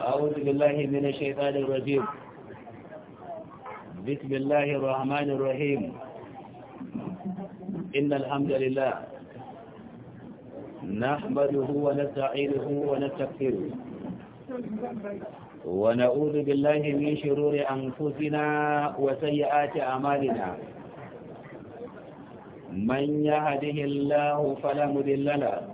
أعوذ بالله من الشيطان الرجيم بسم الله الرحمن الرحيم إن الحمد لله نحمده ونستعينه ونستغفره ونعوذ بالله من شرور أنفسنا وسيئات أعمالنا من يهده الله فلا مذل له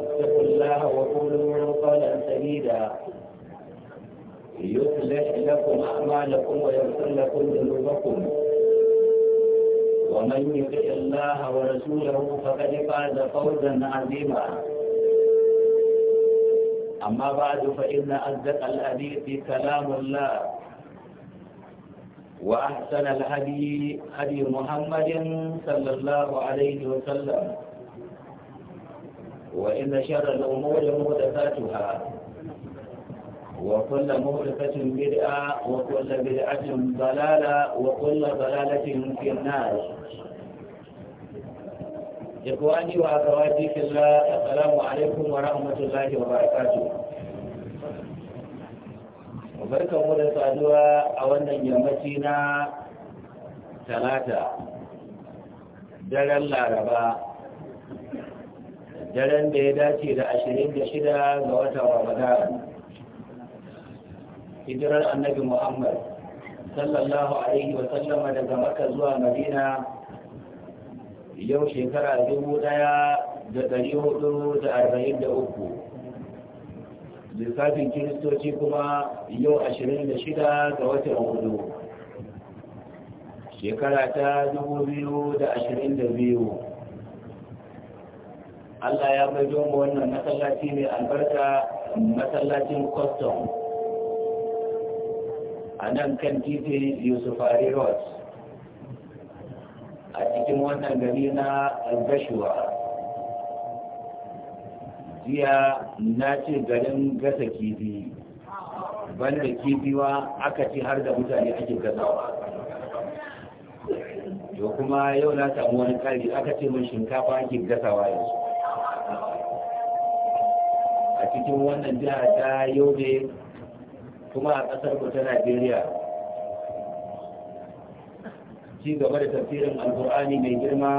واتقوا الله وقولوا قولا سديدا يصلح لكم أعمالكم ويغفر لكم ذنوبكم ومن يطع الله ورسوله فقد فاز فوزا عظيما أما بعد فإن أصدق الحديث كلام الله وأحسن الهدي هدي محمد صلى الله عليه وسلم وإن شر الأمور مهدفاتها وكل مهدفة بدعة وكل بدعة ضلالة وكل ضلالة في النار إخواني وأخواتي في الله السلام عليكم ورحمة الله وبركاته وبركة mu da أولا a ثلاثة دلال العربة daren da ya dace da ashirin da shida ga watan ramadan hijirar annabi muhammad sallallahu alaihi wa sallama daga maka zuwa madina yau shekara dubu daya da dari hudu da arba'in da uku lissafin kiristoci kuma yau ashirin da shida ga watan hudu shekara ta dubu biyu da ashirin da biyu Allah ya bajo mu wannan masallaci mai albarka masallacin custom a nan kan titi Yusuf Ali Road a cikin wannan gari na Albashuwa jiya na ce garin gasa kifi banda kifiwa aka ci har da mutane ake gasawa to kuma yau na samu wani kari aka ce min shinkafa ake gasawa yanzu a cikin wannan jihar ta yobe kuma a ƙasar ta najeriya ci gaba da tafsirin alkur'ani mai girma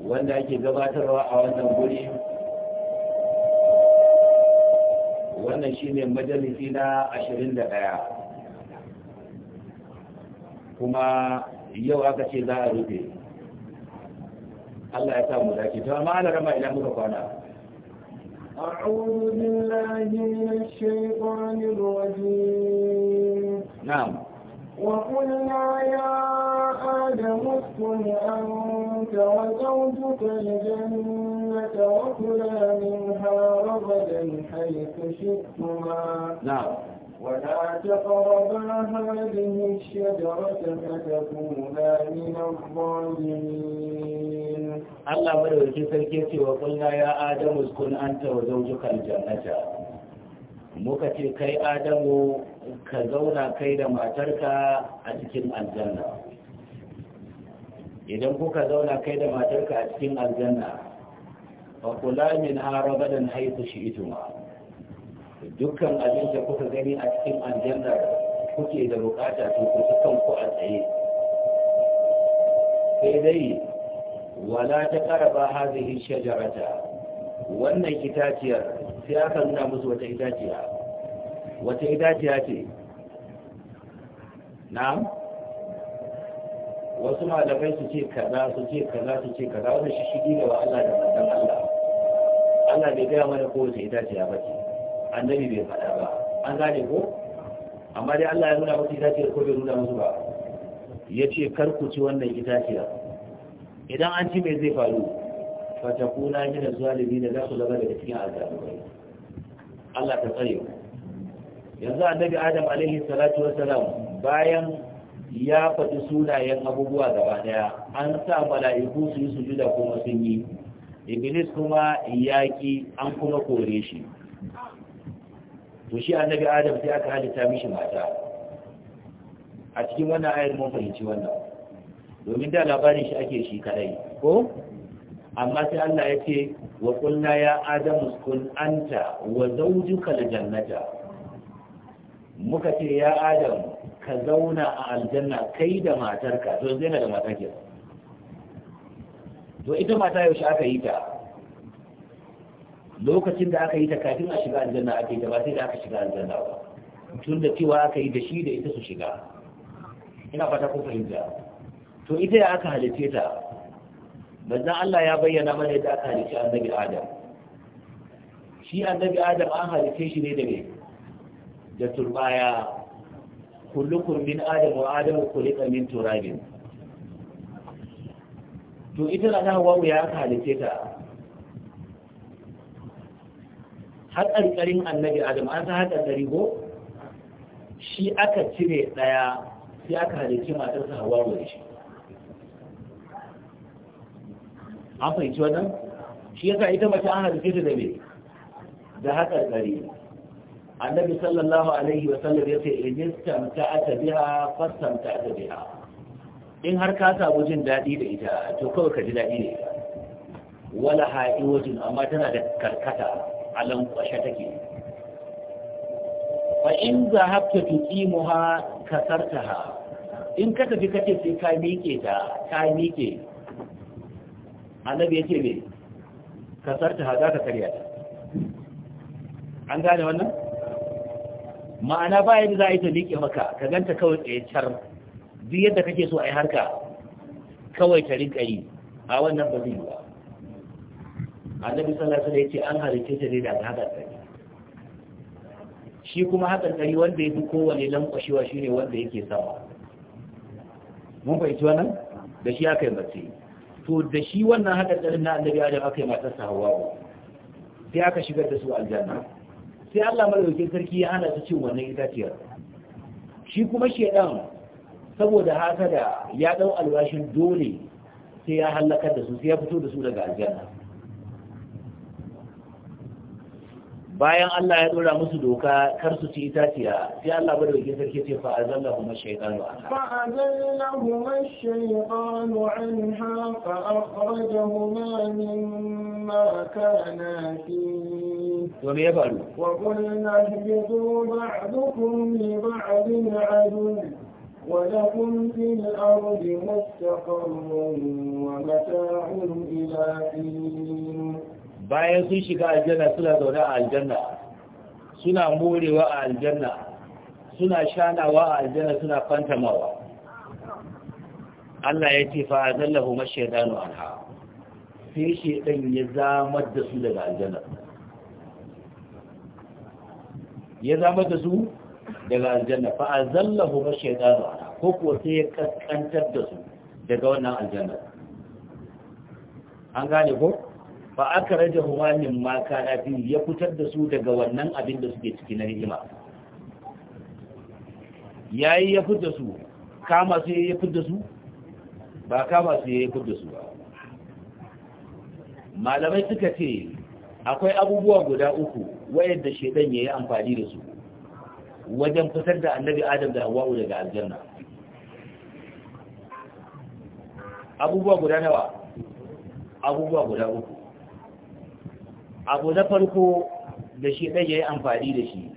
wanda ake gabatarwa a wannan guri wannan shi ne majalisi na ashirin da ɗaya kuma yau aka ce za a rufe Allah ya samu dace to amma ana rama idan muka kwana أعوذ بالله من الشيطان الرجيم نعم وقلنا يا آدم اسكن أنت وزوجك الجنة وكلا منها رغدا حيث شئتما نعم ولا تقربا هذه الشجرة فتكونا من الظالمين الله مدوكي سلكيتي وقلنا يا آدم اسكن أنت وزوجك الجنة muka ce kai adamu ka zauna kai da matarka a cikin aljanna idan kuka zauna kai da matarka a cikin aljanna ba kula min don haifu shi ituma dukkan abin da kuka gani a cikin aljanna kuke da bukata to ku kanku a tsaye sai dai wala ta karaba hazihi shajarata wannan itaciyar sai aka nuna musu wata itaciya wata itaciya ce na'am wasu malamai su ce kaza su ce kaza su ce kaza wani shi ne wa Allah da manzon Allah Allah bai gaya mana wata itaciya ba ce annabi bai faɗa ba an gane ko amma dai Allah ya nuna musu itaciyar ko bai nuna musu ba ya ce kar ku ci wannan itaciya. idan an ci mai zai faru fatakuna min zalimi da za ku zama daga cikin azabai Allah ta tsare yanzu annabi Adam alaihi salatu wassalam bayan ya faɗi sunayen abubuwa gaba daya an sa mala'iku su yi sujuda kuma sun yi iblis kuma yaki an kuma kore shi to shi annabi adam sai aka halitta mishi mata a cikin wannan ayar mun fahimci wannan domin da labarin shi ake shi kadai ko amma sai Allah ya ce wa qulna ya adam kun anta wa zawjuka aljannata muka ce ya adam ka zauna a aljanna kai da matarka to zai da matarka to ita mata yaushe aka yi ta lokacin da aka yi ta kafin a shiga aljanna ake yi ta ba sai da aka shiga aljanna ba tun da cewa aka yi da shi da ita su shiga ina fata ko fahimta to ita ya aka halice ta manzon Allah ya bayyana mana yadda aka halice annabi Adam shi annabi Adam an halice shi ne da me da turbaya kullukum min adam wa adam khuliqa min turabin to ita na hawa ya aka halice ta har ƙarƙarin annabi adam an san haka ƙarƙari ko shi aka cire ɗaya sai aka halicci matarsa hawa da shi an fahimci wannan shi yasa ita mace an halicce ta da me da haƙarƙari annabi sallallahu alaihi wa sallam ya ce yace in istamta'ata biha aka biha in har ka samu jin dadi da ita to kawai ka ji dadi ne wala ha'i wajin amma tana da karkata a lankwashe take fa in zahabta kasarta ha in ka tafi kace sai ka miƙe ta ka miƙe annabi ne kasarta ha za ka karya ta an gane wannan ma'ana ba yadda za a yi ta miƙe maka ka ganta kawai tsaye car duk yadda kake so a yi harka kawai ta rinƙa yi a wannan ba zai yi ba annabi sallallahu alaihi wasallam yace an halice ta ne daga hakan tsari shi kuma hakan tsari wanda yafi kowane lankwashewa shine wanda yake sama mun fahimci wannan da shi aka yi mace to da shi wannan hakan tsarin na annabi adam aka yi matar sahawa sai aka shigar da su aljanna sai Allah madaukakin sarki ya hana su cin wannan itaciyar shi kuma shedan saboda haka da ya dau alwashin dole sai ya halakar da su sai ya fito da su daga aljanna bayan Allah ya dora musu doka kar su ci itaciya sai Allah bada wake sarki ce fa azalla huma shaytanu fa azalla huma shaytanu anha fa akhrajahuma mimma kana fi to me ya faru wa qulna ihbitu ba'dukum li ba'din adun ولكم في الأرض مستقر ومتاع إلى حين bayan sun shiga aljanna suna zaune a aljanna suna morewa a aljanna suna shanawa a aljanna suna fantamawa Allah ya ce fa zallahu mashaytanu anha sai shedan ya zamar da su daga aljanna ya zamar da su daga aljanna fa zallahu mashaytanu ko ko sai ya kaskantar da su daga wannan aljanna an gane ko fa aka raja huwa min ma kana fi ya fitar da su daga wannan abin da suke ciki na ni'ima yayi ya fitar su kama su ya fitar su ba kama su ya fitar su ba malamai suka ce akwai abubuwa guda uku wayanda shedan yayi amfani da su wajen fitar da annabi adam da hawa'u daga aljanna abubuwa guda nawa abubuwa guda uku abu na farko da shi ɗaya ya yi amfani da shi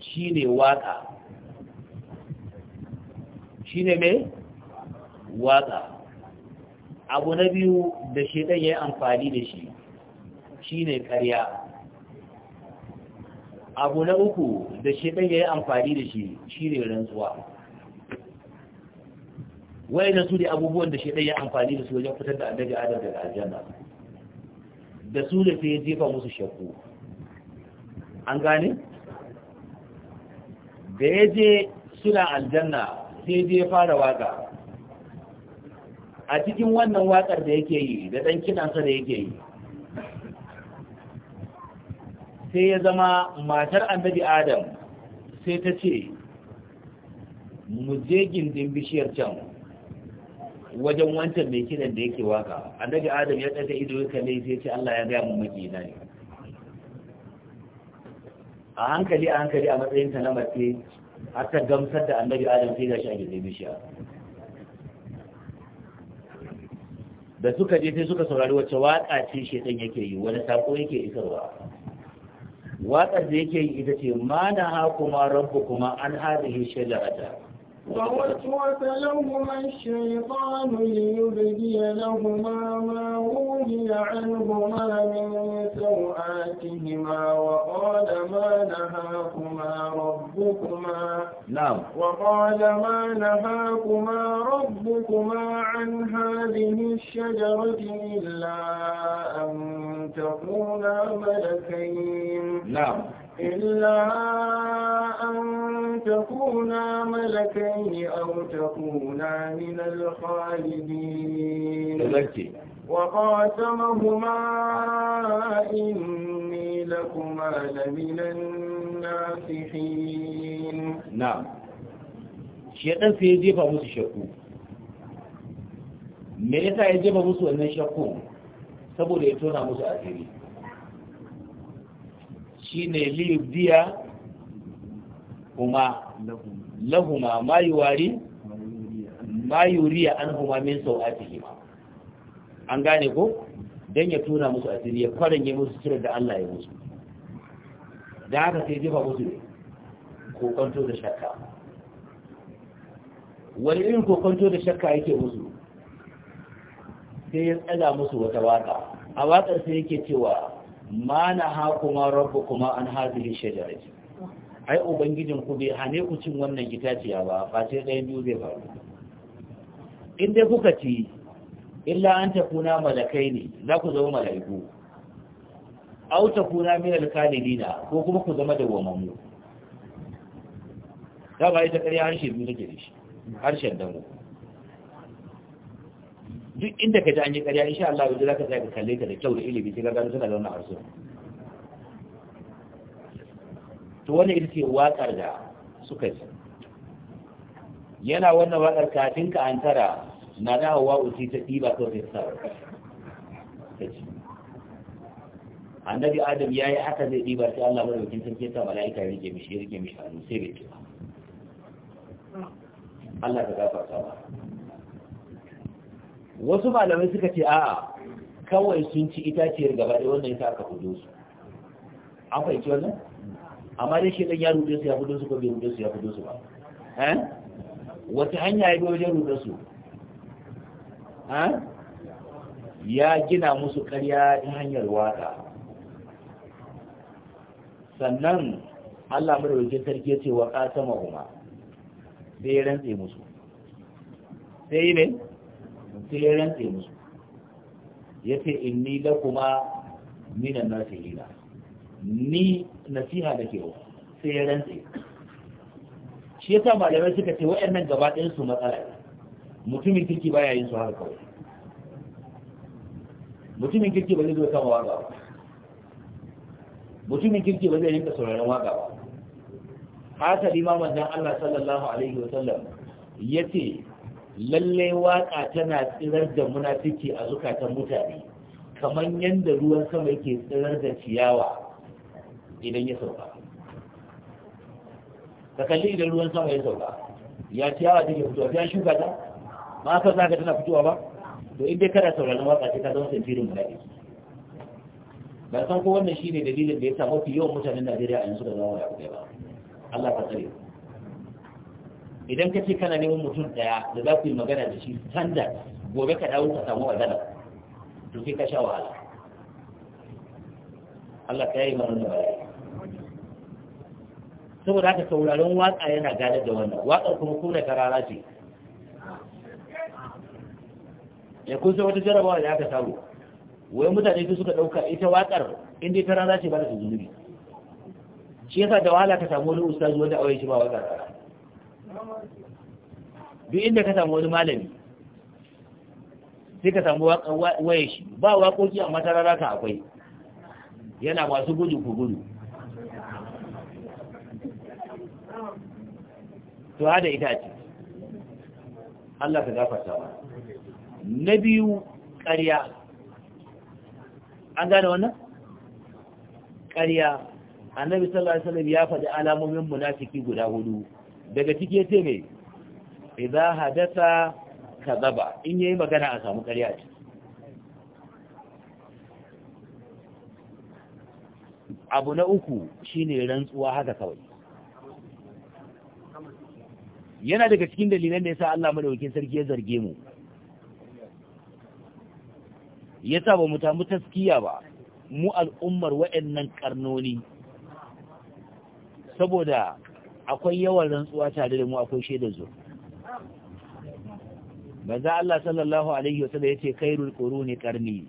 shi ne waƙa shi ne mai waƙa abu na biyu da shi ɗaya ya yi amfani da shi shi ne ƙarya abu na uku da shi ɗaya ya yi amfani da shi shi ne rantsuwa wai na su ne abubuwan da shi ɗaya ya yi amfani da su wajen fitar da annabi adam daga aljanna da su da ya jefa musu shakku an gane da ya je suna aljanna sai je fara waka a cikin wannan wakar da yake yi da ɗan kinansa da yake yi sai ya zama matar annabi adam sai ta ce mu je gindin bishiyar can wajen wancan mai kiran da yake waka annabi adam ya tsaka ido ya ne sai ce Allah ya gaya mu maki na ne a hankali a hankali a matsayin ta na mace har ta gamsar da annabi adam sai gashi a gidan bishiya da suka je sai suka saurari wacce waka ce shedan yake yi wani sako yake isarwa waka da yake yi ita ce ma na ha kuma rabbu kuma an hadihi shajarata فوسوس لهما الشيطان ليبدي لهما ما ولي عنهما من سوآتهما وقال ما نهاكما ربكما نعم وقال ما نهاكما ربكما عن هذه الشجرة إلا أن تكونا ملكين نعم إلا تكونا ملكين أو تكونا من الخالدين وقاسمهما إني لكما لمن الناصحين نعم shedan sai ya jefa musu shakku me yasa ya jefa musu wannan shakku saboda ya tona musu asiri shine liyubdiya kuma lahuma ma yuwari ma yuriya an huma min sau'atihima an gane ko dan ya tura musu asiri ya yi musu cire da Allah ya musu da haka sai jefa musu ne kokonto da shakka wani irin kokonto da shakka yake musu sai ya tsada musu wata waka a wakar sai yake cewa ma na haku ma rabu kuma an da shajarati ai ubangijin ku bai hane ku cin wannan itaciya ba face ɗayan biyu zai faru in dai kuka ci illa an ta kuna malakai ne za ku zama malaiku au ta kuna min alkalilina ko kuma ku zama da dawwamammu ta ba ita ƙarya harshe biyu take da shi harshen mu. duk inda ka ji an yi ƙarya insha Allah yanzu za ka tsaya ka kalle ka da kyau da ilimi sai ka gano suna da wannan harshen to wannan ita ce waƙar da suka yi yana wannan waƙar kafin ka an tara na da hawa uti ta ɗiba ta sa sarar ta ci annabi adam ya yi haka zai ɗiba sai allah mara wakil sarki ta mala'ika ya rike mishi ya rike mishi hannu sai bai ci allah ta gafarta ba wasu malamai suka ce a'a kawai sun ci itaciyar gaba ɗaya wannan ita aka hudu su an fahimci wannan amma dai shi dan ya rude su ya fudo su ko bai rude su ya fudo su ba eh wata hanya ya bi wajen rude su ha eh? ya gina musu ƙarya ta hanyar waka sannan Allah madaukakin sarki ya ce wa qasama huma sai ya rantse musu sai yi ne sai ya rantse musu yace inni lakuma minan nasihina ni nasiha da kewa sai ya rantse shi yasa malamai suka ce nan gaba ɗin su matsala mutumin kirki baya yin su haka kawai mutumin kirki ba zai zo kama waka ba mutumin kirki ba zai rinka sauraron waka ba haka limaman dan Allah sallallahu alaihi wa sallam yace lalle waka tana tsirar da munafiki a zukatan mutane kamar yadda ruwan sama yake tsirar da ciyawa idan ya sauka ka kalli idan ruwan sama ya sauka ya ciyawa take fitowa ta shuka ta ma ka zaka tana fitowa ba to in dai kana sauraron waka ce ka zama mu dai ban san ko wannan shine dalilin da ya sa mafi yawan mutanen Najeriya a yanzu da zama da kuɗi ba Allah ka tsare idan ka ce kana neman mutum daya da za ku yi magana da shi tanda gobe ka dawo ka samu wadana to sai ka sha wahala Allah ka yi mana da bayani saboda haka sauraron waka yana gane da wannan wakar kuma kuna karara ce ya eh, kun sai wata jarabawa da aka samu wai mutane su suka ɗauka ita wakar inda ta rana ce ba da su zunubi shi yasa da wahala ka samu wani ustazu wanda a shi ba wakar duk inda ka samu wani malami sai ka samu waye shi ba waƙoƙi amma ta rana ka akwai yana masu gudu ku gudu to da itace Allah ka gafarta ba na biyu ƙarya an gane wannan ƙarya annabi sallallahu alaihi wasallam ya faɗi alamomin munafiki guda hudu daga ciki yace me idza hadatha kadaba in yayi magana a samu ƙarya ce abu na uku shine rantsuwa haka kawai yana daga cikin dalilan da ya sa Allah madawakin sarki ya zarge mu Ya sa ba mu tamu taskiya ba mu al'ummar waɗannan karnoni saboda akwai yawan rantsuwa tare da mu akwai shaidar zo manzo Allah sallallahu alaihi wasallam yace khairul quruni qarni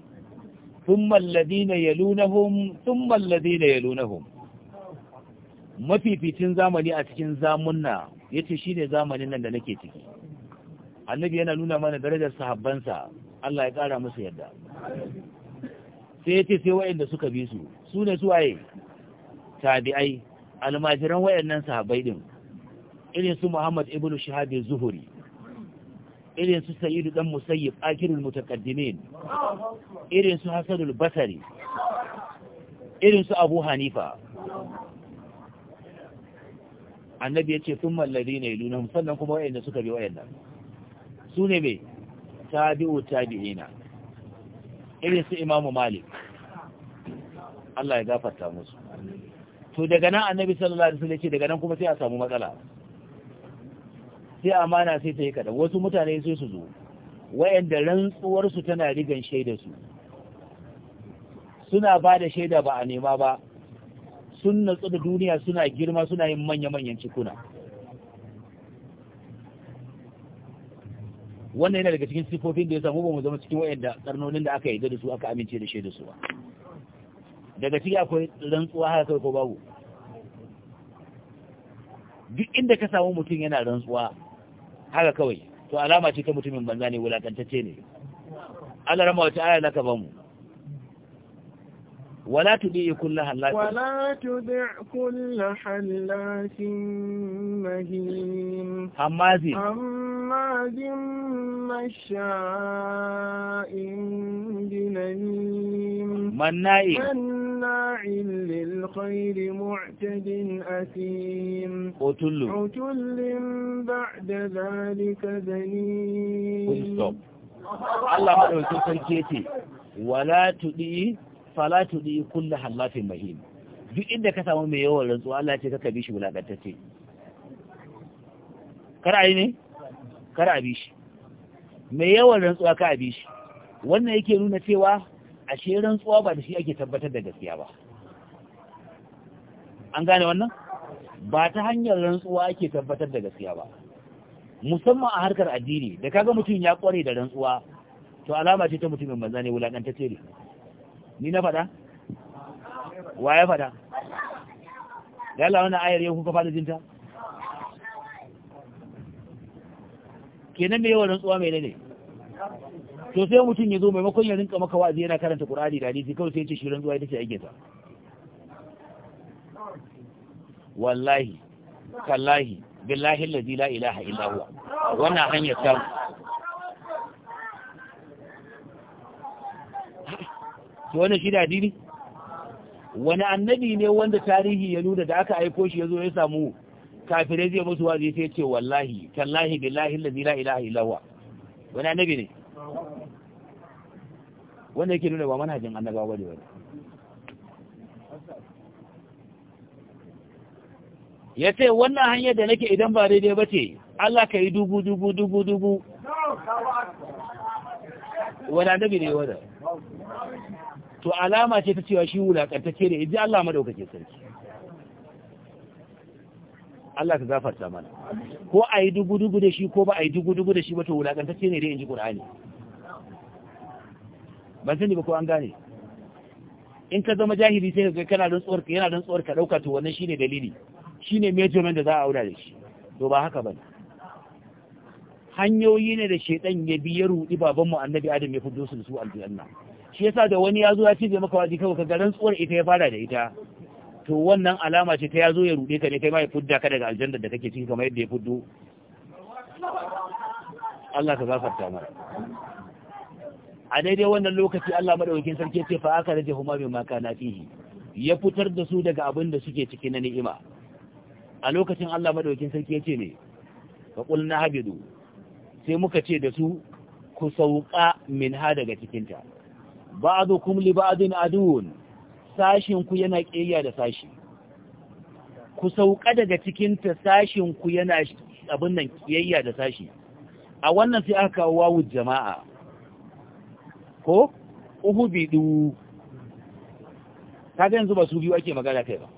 Sun alladhina na thumma alladhina yalunhum mafificin zamani a cikin zamunna Ya ce shi ne zamanin nan da nake ciki annabi yana nuna mana darajar sahabbansa Allah ya kara musu yadda sai ya ce sai waɗanda suka bi su su ne su waye tabi'ai almajiran waɗannan sahabbai din irin su Muhammad ibn Shihab zuhuri irin su Sayyid dan Musayyib akirul mutaqaddimin irin su hasanul basri irin su Abu Hanifa annabi ya ce sun mallari na ilu sannan kuma wa'yanda suka bi wa'yanda su ne mai tabi'u tabi'ina irin su imamu malik Allah ya gafarta musu to daga nan annabi sallallahu alaihi wasallam ya ce daga nan kuma sai a samu matsala sai amana sai ta yi kada wasu mutane sai su zo wa'yanda rantsuwarsu tana rigan shaida su suna ba da shaida ba a nema ba sun natsu da duniya suna girma suna yin manya-manyan cikuna wannan yana daga cikin sifofin da ya samu ba mu zama cikin wayanda tsarnonin da aka yi da su aka amince da shaidu su ba daga ciki akwai rantsuwa haka kai ko babu duk inda ka samu mutum yana rantsuwa haka kawai to alama ce ta mutumin banza ne wulakantacce ne Allah rama wata aya naka bamu ولا تبيع كل حلاك ولا تبع كل حلاك مهين هماز هماز مشاء بنميم مناع مناع للخير معتد أثيم عتل عتل بعد ذلك ذنيم الله ما يقول سنكيتي ولا تبيع fala tudi kullu halafin mahim duk inda ka samu mai yawan rantsuwa Allah ce kaka bi shi wulakantacce kar a yi ne kar a bi shi mai yawan rantsuwa ka a bi shi wannan yake nuna cewa ashe rantsuwa ba da shi ake tabbatar da gaskiya ba an gane wannan ba ta hanyar rantsuwa ake tabbatar da gaskiya ba musamman a harkar addini da kaga mutum ya kware da rantsuwa to alama ce ta mutumin banza ne wulakantacce ne ni na faɗa wa ya faɗa da Allah wannan ayar yau kuka fada jinta kenan mai yawan rantsuwa mai ne to sai mutum ya zo maimakon ya rinka maka wa'azi yana karanta Qur'ani da hadisi kawai sai ya ce shi rantsuwa ita ce ake sa wallahi kallahi billahi allazi la ilaha illa huwa wannan hanyar ta to wannan shi da wani annabi ne wanda tarihi ya nuna da aka aiko shi ya zo ya samu kafirai zai musu wazi sai ce wallahi tallahi billahi allazi la ilaha illa huwa wani annabi ne wanda yake nuna ba manhajin annabawa bane wani ya ce wannan hanyar da nake idan ba daidai ba ce Allah ka yi dubu dubu dubu dubu wani annabi ne wanda to alama ce ta cewa shi wulakantacce da yaji Allah madaukake sarki Allah ka gafarta mana ko a yi dugu-dugu da shi ko ba a yi dugu-dugu da shi ba to wulakantacce ne dai in ji ƙur'ani. ban sani ba ko an gane in ka zama jahili sai ka kana don tsorka yana don ka dauka to wannan shine dalili shine measurement da za a aura da shi to ba haka bane hanyoyi ne da shedan ya bi ya rudi annabi adam ya fito su da su aljanna shi yasa da wani ya zo ya cije maka waje kawai kaga tsuwar ita ya fara da ita to wannan alama ce ta ya zo ya rude ka ne kai ma ya fudda ka daga aljanna da kake ciki kamar yadda ya fuddo Allah ka gafarta mana a daidai wannan lokaci Allah madaukakin sarki ya ce fa aka raje huma bi maka na fihi ya fitar da su daga abin da suke ciki na ni'ima a lokacin Allah madaukakin sarki ya ce ne fa qulna habidu sai muka ce da su ku sauka min ha daga cikinta kum li ba'din adun sashin ku yana kiyaya da sashi ku sauka daga cikin ta sashin ku yana abin nan kiyaya da sashi a wannan sai aka kawo wawu jama'a ko Uhu Ta ga yanzu ba su biyu ake magana kai ba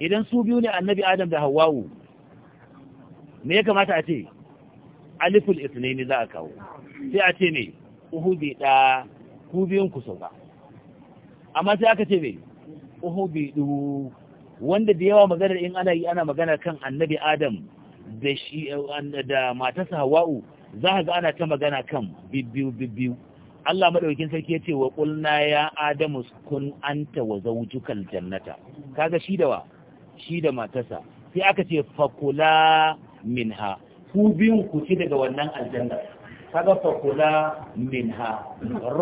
idan su biyu ne annabi adam da hawwawu me ya kamata a ce aliful isnaini za a kawo sai a ce ne Uhu ɗaya. ku biyun ku sauka amma sai aka ce bai uhubidu wanda da yawa maganar in ana yi ana magana kan annabi adam da shi da matarsa hawa'u za ka ga ana ta magana kan bibbiyu bibbiyu Allah maɗaukin sarki ya ce wa kulna ya adamu kun anta wa zawjukal jannata kaga shi da wa shi da matarsa sai aka ce fakula minha ku biyun ku ci daga wannan aljanna kaga fa kula ha,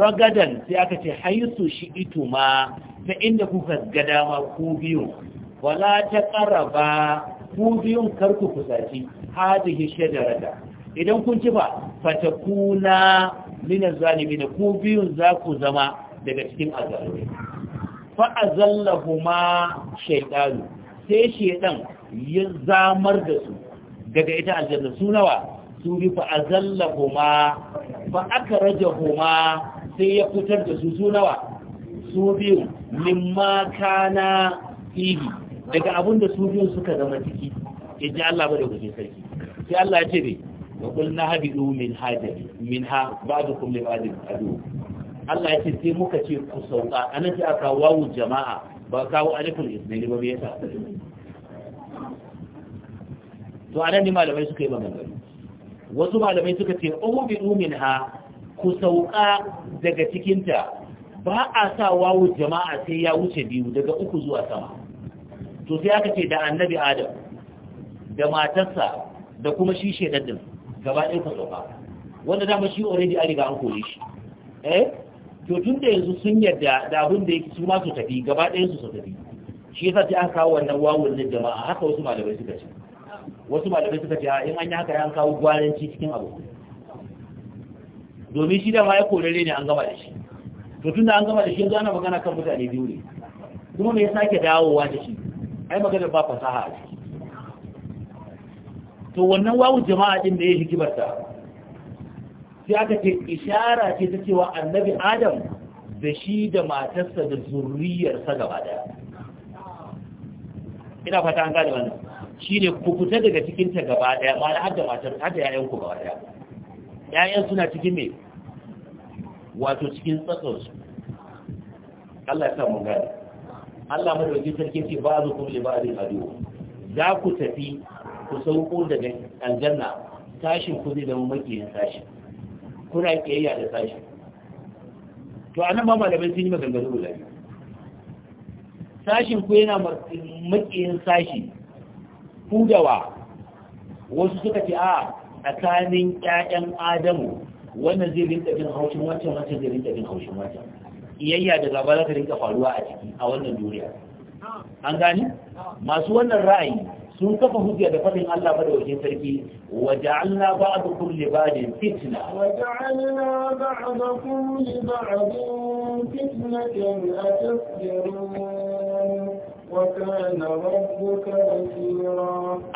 ragadan sai aka ce haisu shi ituma ta inda kuka ga dama ku biyu wala ta qaraba ku biyun karku kusaci hadhihi shajarata idan kun ci ba fatakuna min da ku biyun za ku zama daga cikin azalimi fa azallahuma shaytanu sai shaytan ya zamar da su daga ita aljanna su nawa sun bi fa azalla kuma fa aka raja kuma sai ya fitar da su su nawa su biyu mimma kana fihi daga abinda da su biyun suka zama ciki in ji Allah ba da guje sarki sai Allah ya ce ne wa kul na haɗu min hajari min ha kuma li ba'din adu Allah ya ce sai muka ce ku sauka anan sai aka wawu jama'a ba kawo alifin ismaili ba me ta to anan ne malamai suka yi maganganu wasu malamai suka ce bi minha ku sauka daga cikinta ba a sa wawu jama'a sai ya wuce biyu daga uku zuwa sama to sai aka ce da annabi adam da matarsa da kuma shi shedaddin gaba ɗaya ka sauka wanda dama shi already an riga an kore shi eh to tun da yanzu sun yarda da abin da yake su ma su tafi gaba ɗayan su su tafi shi yasa sai aka kawo wannan wawun na jama'a haka wasu malamai suka ce wasu malamai suka ce in an yi haka ya kawo gwaranci cikin abu domin shi da ma ya korare ne an gama da shi to tun da an gama da shi yanzu ana magana kan mutane biyu ne kuma me ya sake dawowa da shi ai magana ba fasaha a ciki to wannan wawu jama'a din da ya hikimarta sai aka ce ishara ce ta cewa annabi adam da shi da matarsa da zuriyarsa gaba daya ina fata an gane wannan ne ku fita daga cikin ta gaba daya ba har da matar har da yayan ku gaba daya yayan suna cikin me wato cikin tsatsar Allah ya sa mu gane Allah mai dauki sarki ce ba zu kulli ba da adu za ku tafi ku sauko daga aljanna tashin ku zai zama makiyin tashi kuna kiyayya da tashi to anan ma malamai sun yi maganganu da shi. sashin ku yana makiyin sashi hudawa wasu suka ce a tsakanin ƴaƴan adamu wannan zai rinka jin haushin wancan wancan zai rinka jin haushin wancan iyayya da gaba za ta rinka faruwa a ciki a wannan duniya an gani masu wannan ra'ayi sun kafa hujja da fadin Allah ba da wajen sarki wa ja'alna ba'dakum li ba'din fitna wa ja'alna ba'dakum li ba'din fitnatan atasbirun Allah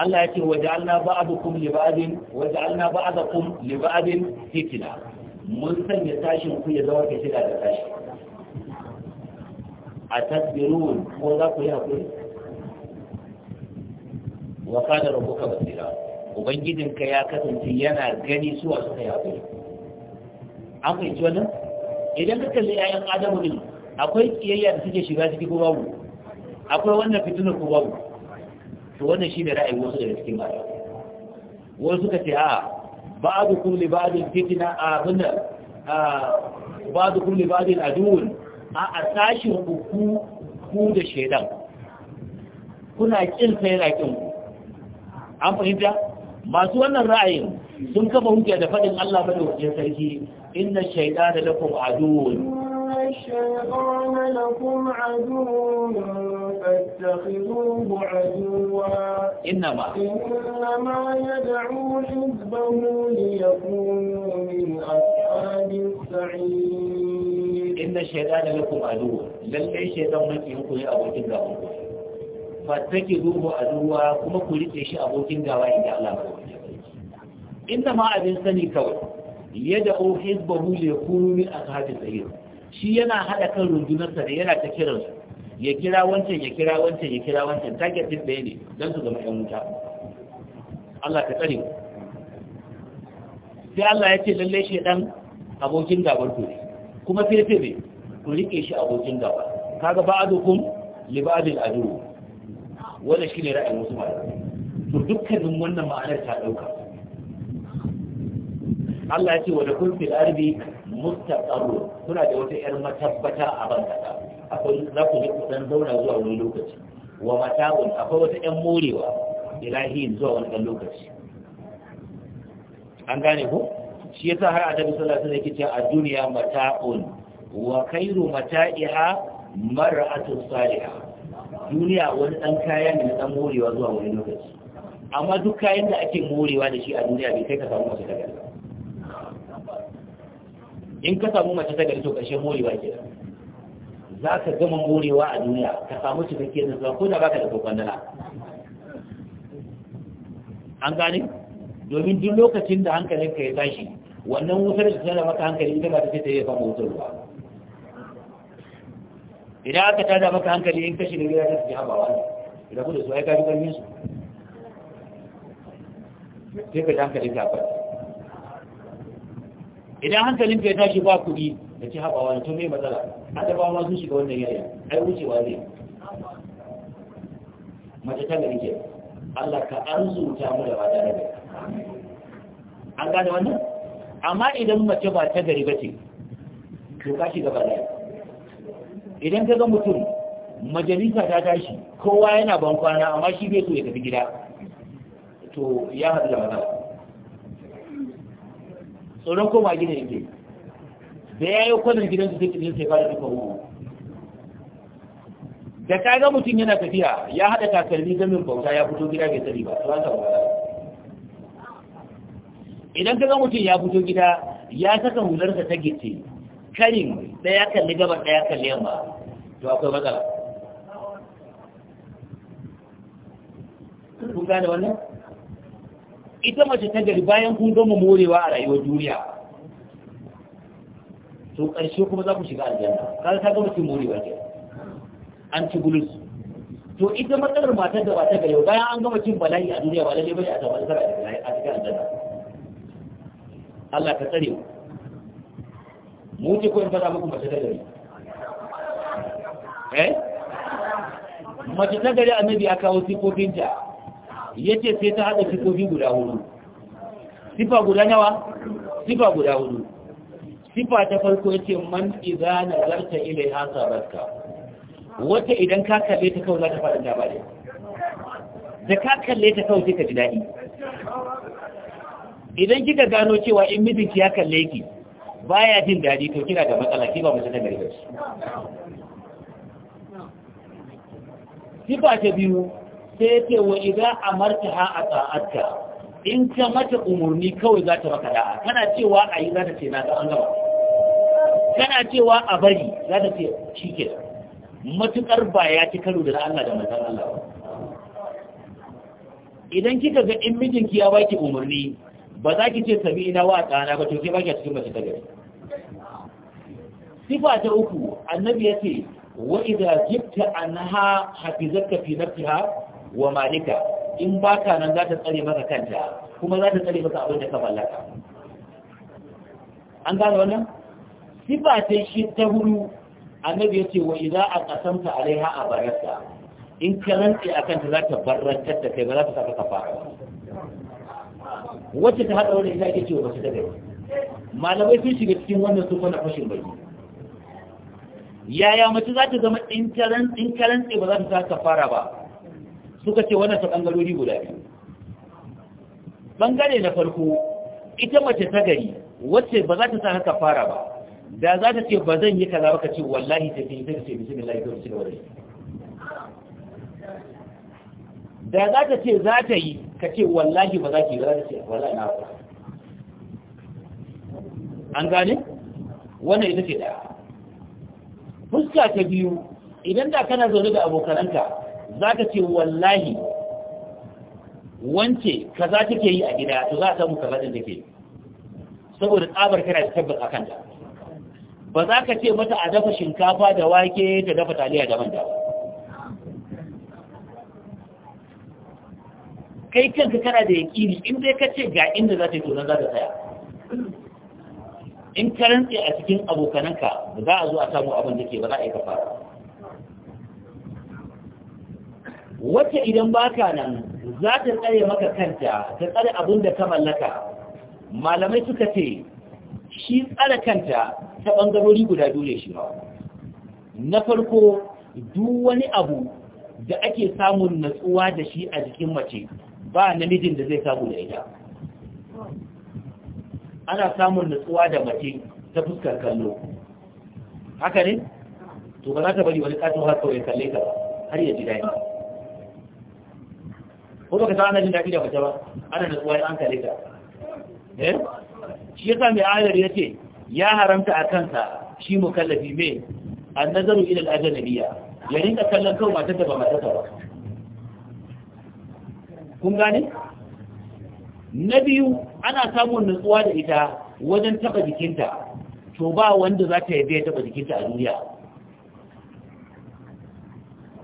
ya ce waja'alna ba'dakum li ba'din waja'alna ba'dakum li ba'din mun sanya tashin ku ya zama fitina da tashi a tasbirun ko za ku yi hakuri wa kana rabbuka basira ubangijinka ya kasance yana gani suwa suka yi hakuri an fahimci wannan idan ka kalli 'ya'yan adamu ne, akwai kiyayya da suke shiga ciki ko babu akwai wannan fitina ko babu to wannan shine ra'ayin wasu daga cikin mata wasu suka ce a ba'dukum li ba'din a abuna ba'dukum li ba'din adun a a tashi ku ku da shedan kuna kin sai yana kin ku an fahimta masu wannan ra'ayin sun kafa hujja da fadin Allah wajen sarki inna shaytana lakum adun إن الشيطان لكم عدو فاتخذوه عدوا إنما إنما يدعو حزبه ليكونوا من أصحاب السعير إن الشيطان لكم عدو لن الشيطان من يكون أبو جبله فاتخذوه عدوا كما كنت شيء أبو جبله إن الله إنما أبن سني كوي yadda o hizbahu da ya kuru min a sahabi tsayiro shi yana haɗa kan rundunarsa da yana ta kiransu ya kira wancan ya kira wancan ya kira wancan target din ɗaya ne don su zama ‘yan wuta Allah ta tsare sai Allah ya ce lallai shi ɗan abokin gabar ku kuma sai sai ne ku riƙe shi abokin gaba kaga ba adukum li ba'dil adu shi ne ra'ayin wasu malamai to dukkanin wannan ma'anar ta dauka Allah ya ce wa da kun fil ardi mustaqarru suna da wata yar matabbata a banka akwai za ku ji kusan zauna zuwa wani lokaci wa mata'un akwai wata yan morewa ilahin zuwa wani ɗan lokaci an gane ku? shi ya sa har a sallallahu alaihi wasallam yake cewa a duniya mata'un wa mara mata'iha mar'atu saliha duniya wani dan kaya ne dan morewa zuwa wani lokaci amma duk kayan da ake morewa da shi a duniya bai kai ka samu masu daga in ka samu mace ta gari to ƙarshen morewa ke za ka gama morewa a duniya ka samu kake da ko da baka da kokon dala an gane domin duk lokacin da hankalin ka ya tashi wannan wutar da tana maka hankali ita ba ta ce ta yi fama wutar ba idan aka tada maka hankali in kashi da gida ta fi haɓawa ne idan ku da su aika fi ƙarfin su sai ka hankali ka fata idan hankalin ka ya tashi ba kuɗi da ci haɓawa da tun matsala a ba ma sun shiga wannan yare ai wucewa zai mace ta gari ke Allah ka arzuta mu da ba da rabe an gane wannan amma idan mace ba ta gari ba ce to ka shiga ba idan ka ga mutum majalisa ta tashi kowa yana ban kwana amma shi bai so ya tafi gida to ya haɗu da matsala tsoron koma gida yake da ya yi kwanan gidan su sai sai fara duka hu da ka ga mutum yana tafiya ya haɗa takalmi zamin bauta ya fito gida bai sani ba to an samu idan ka ga mutum ya fito gida ya saka hularsa ta gice karin ɗaya kalli gaban ɗaya kalli yamma to akwai matsala kun gane wannan ita mace ta gari bayan kun gama morewa a rayuwar duniya to ƙarshe kuma za ku shiga aljanna kaga ta gama cin morewa ke an ci bulus to ita matsalar matar da ba ta gari bayan an gama cin bala'i a duniya ba lalle shi a samu nasara a cikin aljanna Allah ka tsare mu mu ce ko in faɗa muku mace ta gari eh mace ta gari annabi ya kawo sifofinta yace sai ta hada sifofi guda hudu sifa guda nawa sifa guda hudu sifa ta farko yace man idza nazarta ilaiha sabarka wata idan ka kalle ta kawai za ta fada labari da ka kalle ta kawai sai ka ji dadi idan kika gano cewa in mijinki ya kalle ki baya jin dadi to kina da matsala ki ba mu ta gari ba sifa ta biyu sai ya ce wa idan a ha a ta'atta in ka mata umarni kawai za ta maka da'a kana cewa a yi za ta ce na ta an gaba kana cewa a bari za ta ce shi ke matukar ba ya ci karo da Allah da mazan Allah idan kika ga in mijinki ya baki umarni ba za ki ce sami ina wa tsana ba to ke baki a cikin mace ta gari sifa ta uku annabi ya ce wa idza jibta anha hafizaka fi nafsiha wa malika in ba ka nan za ta tsare maka kanta kuma za ta tsare maka abin da ka mallaka an gane wannan sifa ta shi ta huru annabi yace wa idza aqasamta alaiha abarata in ka rantsi akan ta za ta barrantar da kai ba za ta saka kafara wacce ta hada wani ita ce cewa ba su da gari malamai sun shiga cikin wannan sun wannan fashin bai yaya mace za ta zama in ka rantsi ba za ta saka kafara ba suka ce wannan ta bangarori guda biyu bangare na farko ita mace ta gari wacce ba za ta sa haka fara ba da za ta ce ba zan yi kaza ba ka ce wallahi ta ce ta ce bismillah ta ce wallahi da za ta ce za ta yi ka ce wallahi ba za ki za ta ce wallahi na ba an gane wannan ita ce da fuska ta biyu idan da kana zaune da abokananka za ka ce wallahi wance kaza take yi a gida to za a samu kaza da ke, saboda tsabar kira da tabbas a kanta ba za ka ce mata a dafa shinkafa da wake da dafa taliya da manja kai kanka kana da yaƙini in dai ka ce ga inda za ta yi tunan za ta tsaya in ka rantse a cikin abokananka za a zo a samu abin da ke ba za a yi kafa wacce idan baka nan za ta tsare maka kanta ta tsare abin da ka mallaka malamai suka ce shi tsare kanta ta bangarori guda dole shi ba na farko duk wani abu da ake samun natsuwa da shi a jikin mace ba namijin da zai samu da ita ana samun natsuwa da mace ta fuskar kallo haka ne to ba za ta bari wani katon har kawai kalle ka har ya ji daidai ko baka san ana jin daɗi da mace ba ana nutsuwa an kare ta eh shi yasa mai ayar yace ya haramta a kansa shi mukallafi mai nazaru ila al-ajnabiyya ya rinka kallon kawai matar da ba matar ba kun gane na biyu ana samun nutsuwa da ita wajen taba jikinta to ba wanda za ta yabe ya taba jikinta a duniya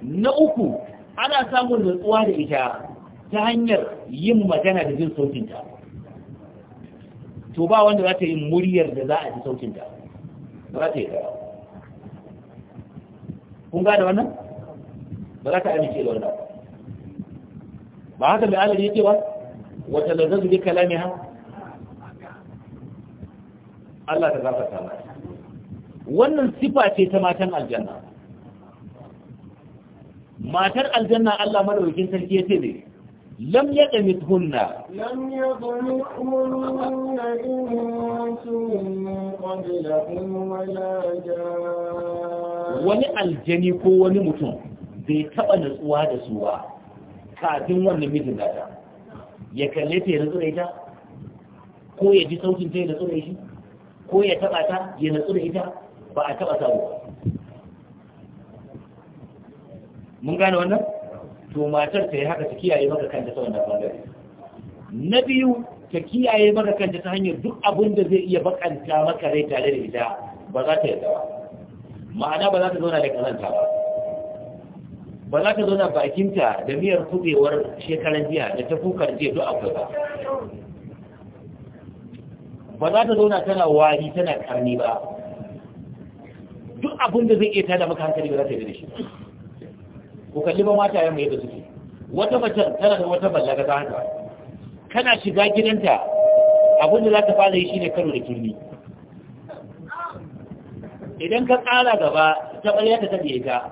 na uku ana samun nutsuwa da ita ta hanyar yin magana da jin sautinta to ba wanda za ta yi muryar da za a ji sautinta ba za ta yi kun gada wannan ba za ta amince da wannan ba haka mai alari yake ba wata lazzazu bi kalami ha Allah ta ta mata wannan sifa ce ta matan aljanna matar aljanna Allah madaukin sarki yace ne لم يطمثهن لم يطمثهن قبلهم ولا جان wani aljani ko wani mutum bai taɓa nutsuwa da su ba kafin wannan mijin nata ya kalle ta ya natsu da ita ko ya ji saukin ta ya natsu da shi ko ya taɓa ta ya natsu da ita ba a taɓa samu mun gane wannan to matar ta yi haka ta kiyaye maka kanta ta wannan bangare na biyu ta kiyaye maka kanta ta hanyar duk abin da zai iya bakanta maka rai tare da ita ba za ta yarda ba ma'ana ba za ta zauna da kazanta ba ba za ta zauna bakinta da miyar kubewar shekaran jiya da ta kukar jiya duk akwai ba ba za ta zauna tana wari tana karni ba duk abin da zai iya tada maka hankali ba za ta yi da shi ku kalli ba mata yamma yadda suke wata mace tana da wata ballaga za ta kana shiga gidanta da za ta fara yi shine karo da turmi idan ka tsara gaba ta ɓarya ta tafiye ka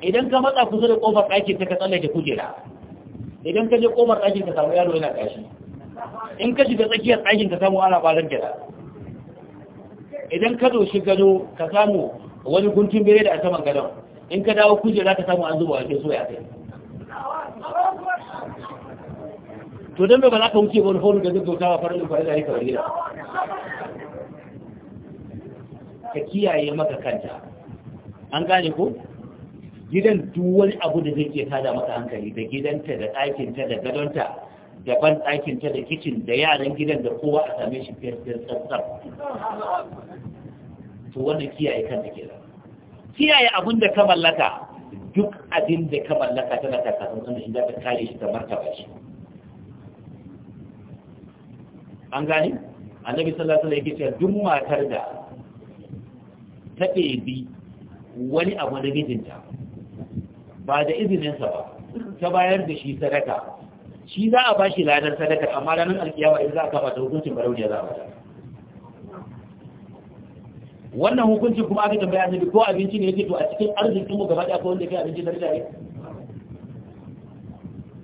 idan ka matsa kusa da ƙofar ɗakin ta ka tsallake kujera idan ka je ƙofar ɗakin ka samu yaro yana ƙashi in ka shiga tsakiyar ɗakin ka samu ana ƙwaron gida idan ka shi gado ka samu wani guntun bere da a saman gadon in ka dawo kuje za ka samu an zuba wake soya kai to don ba za ka wuce wani hono da zai zauta wa farin lufa ya kamar gida ka kiyaye maka kanta an gane ko gidan duk wani abu da zai ke tada maka hankali da gidanta da ɗakinta da gadonta da ban ɗakinta da kicin da yaran gidan da kowa a same shi fiye da tsatsar to wannan kiyaye kanta kenan kiyaye abin da ka mallaka duk abin da ka mallaka tana ta sun da shi za ta kare shi ta martaba shi an gani annabi sallallahu alaihi wasallam yake cewa duk matar da ta ɗebi wani abu da mijinta ba da izininsa ba ta bayar da shi sadaka shi za a ba shi ladar sadaka amma ranar alkiyama in za a kama ta hukuncin barauniya za a ba wannan hukunci kuma aka tambaya ne ko abinci ne yake to a cikin arzikin mu gaba da ko wanda kai abinci da rajai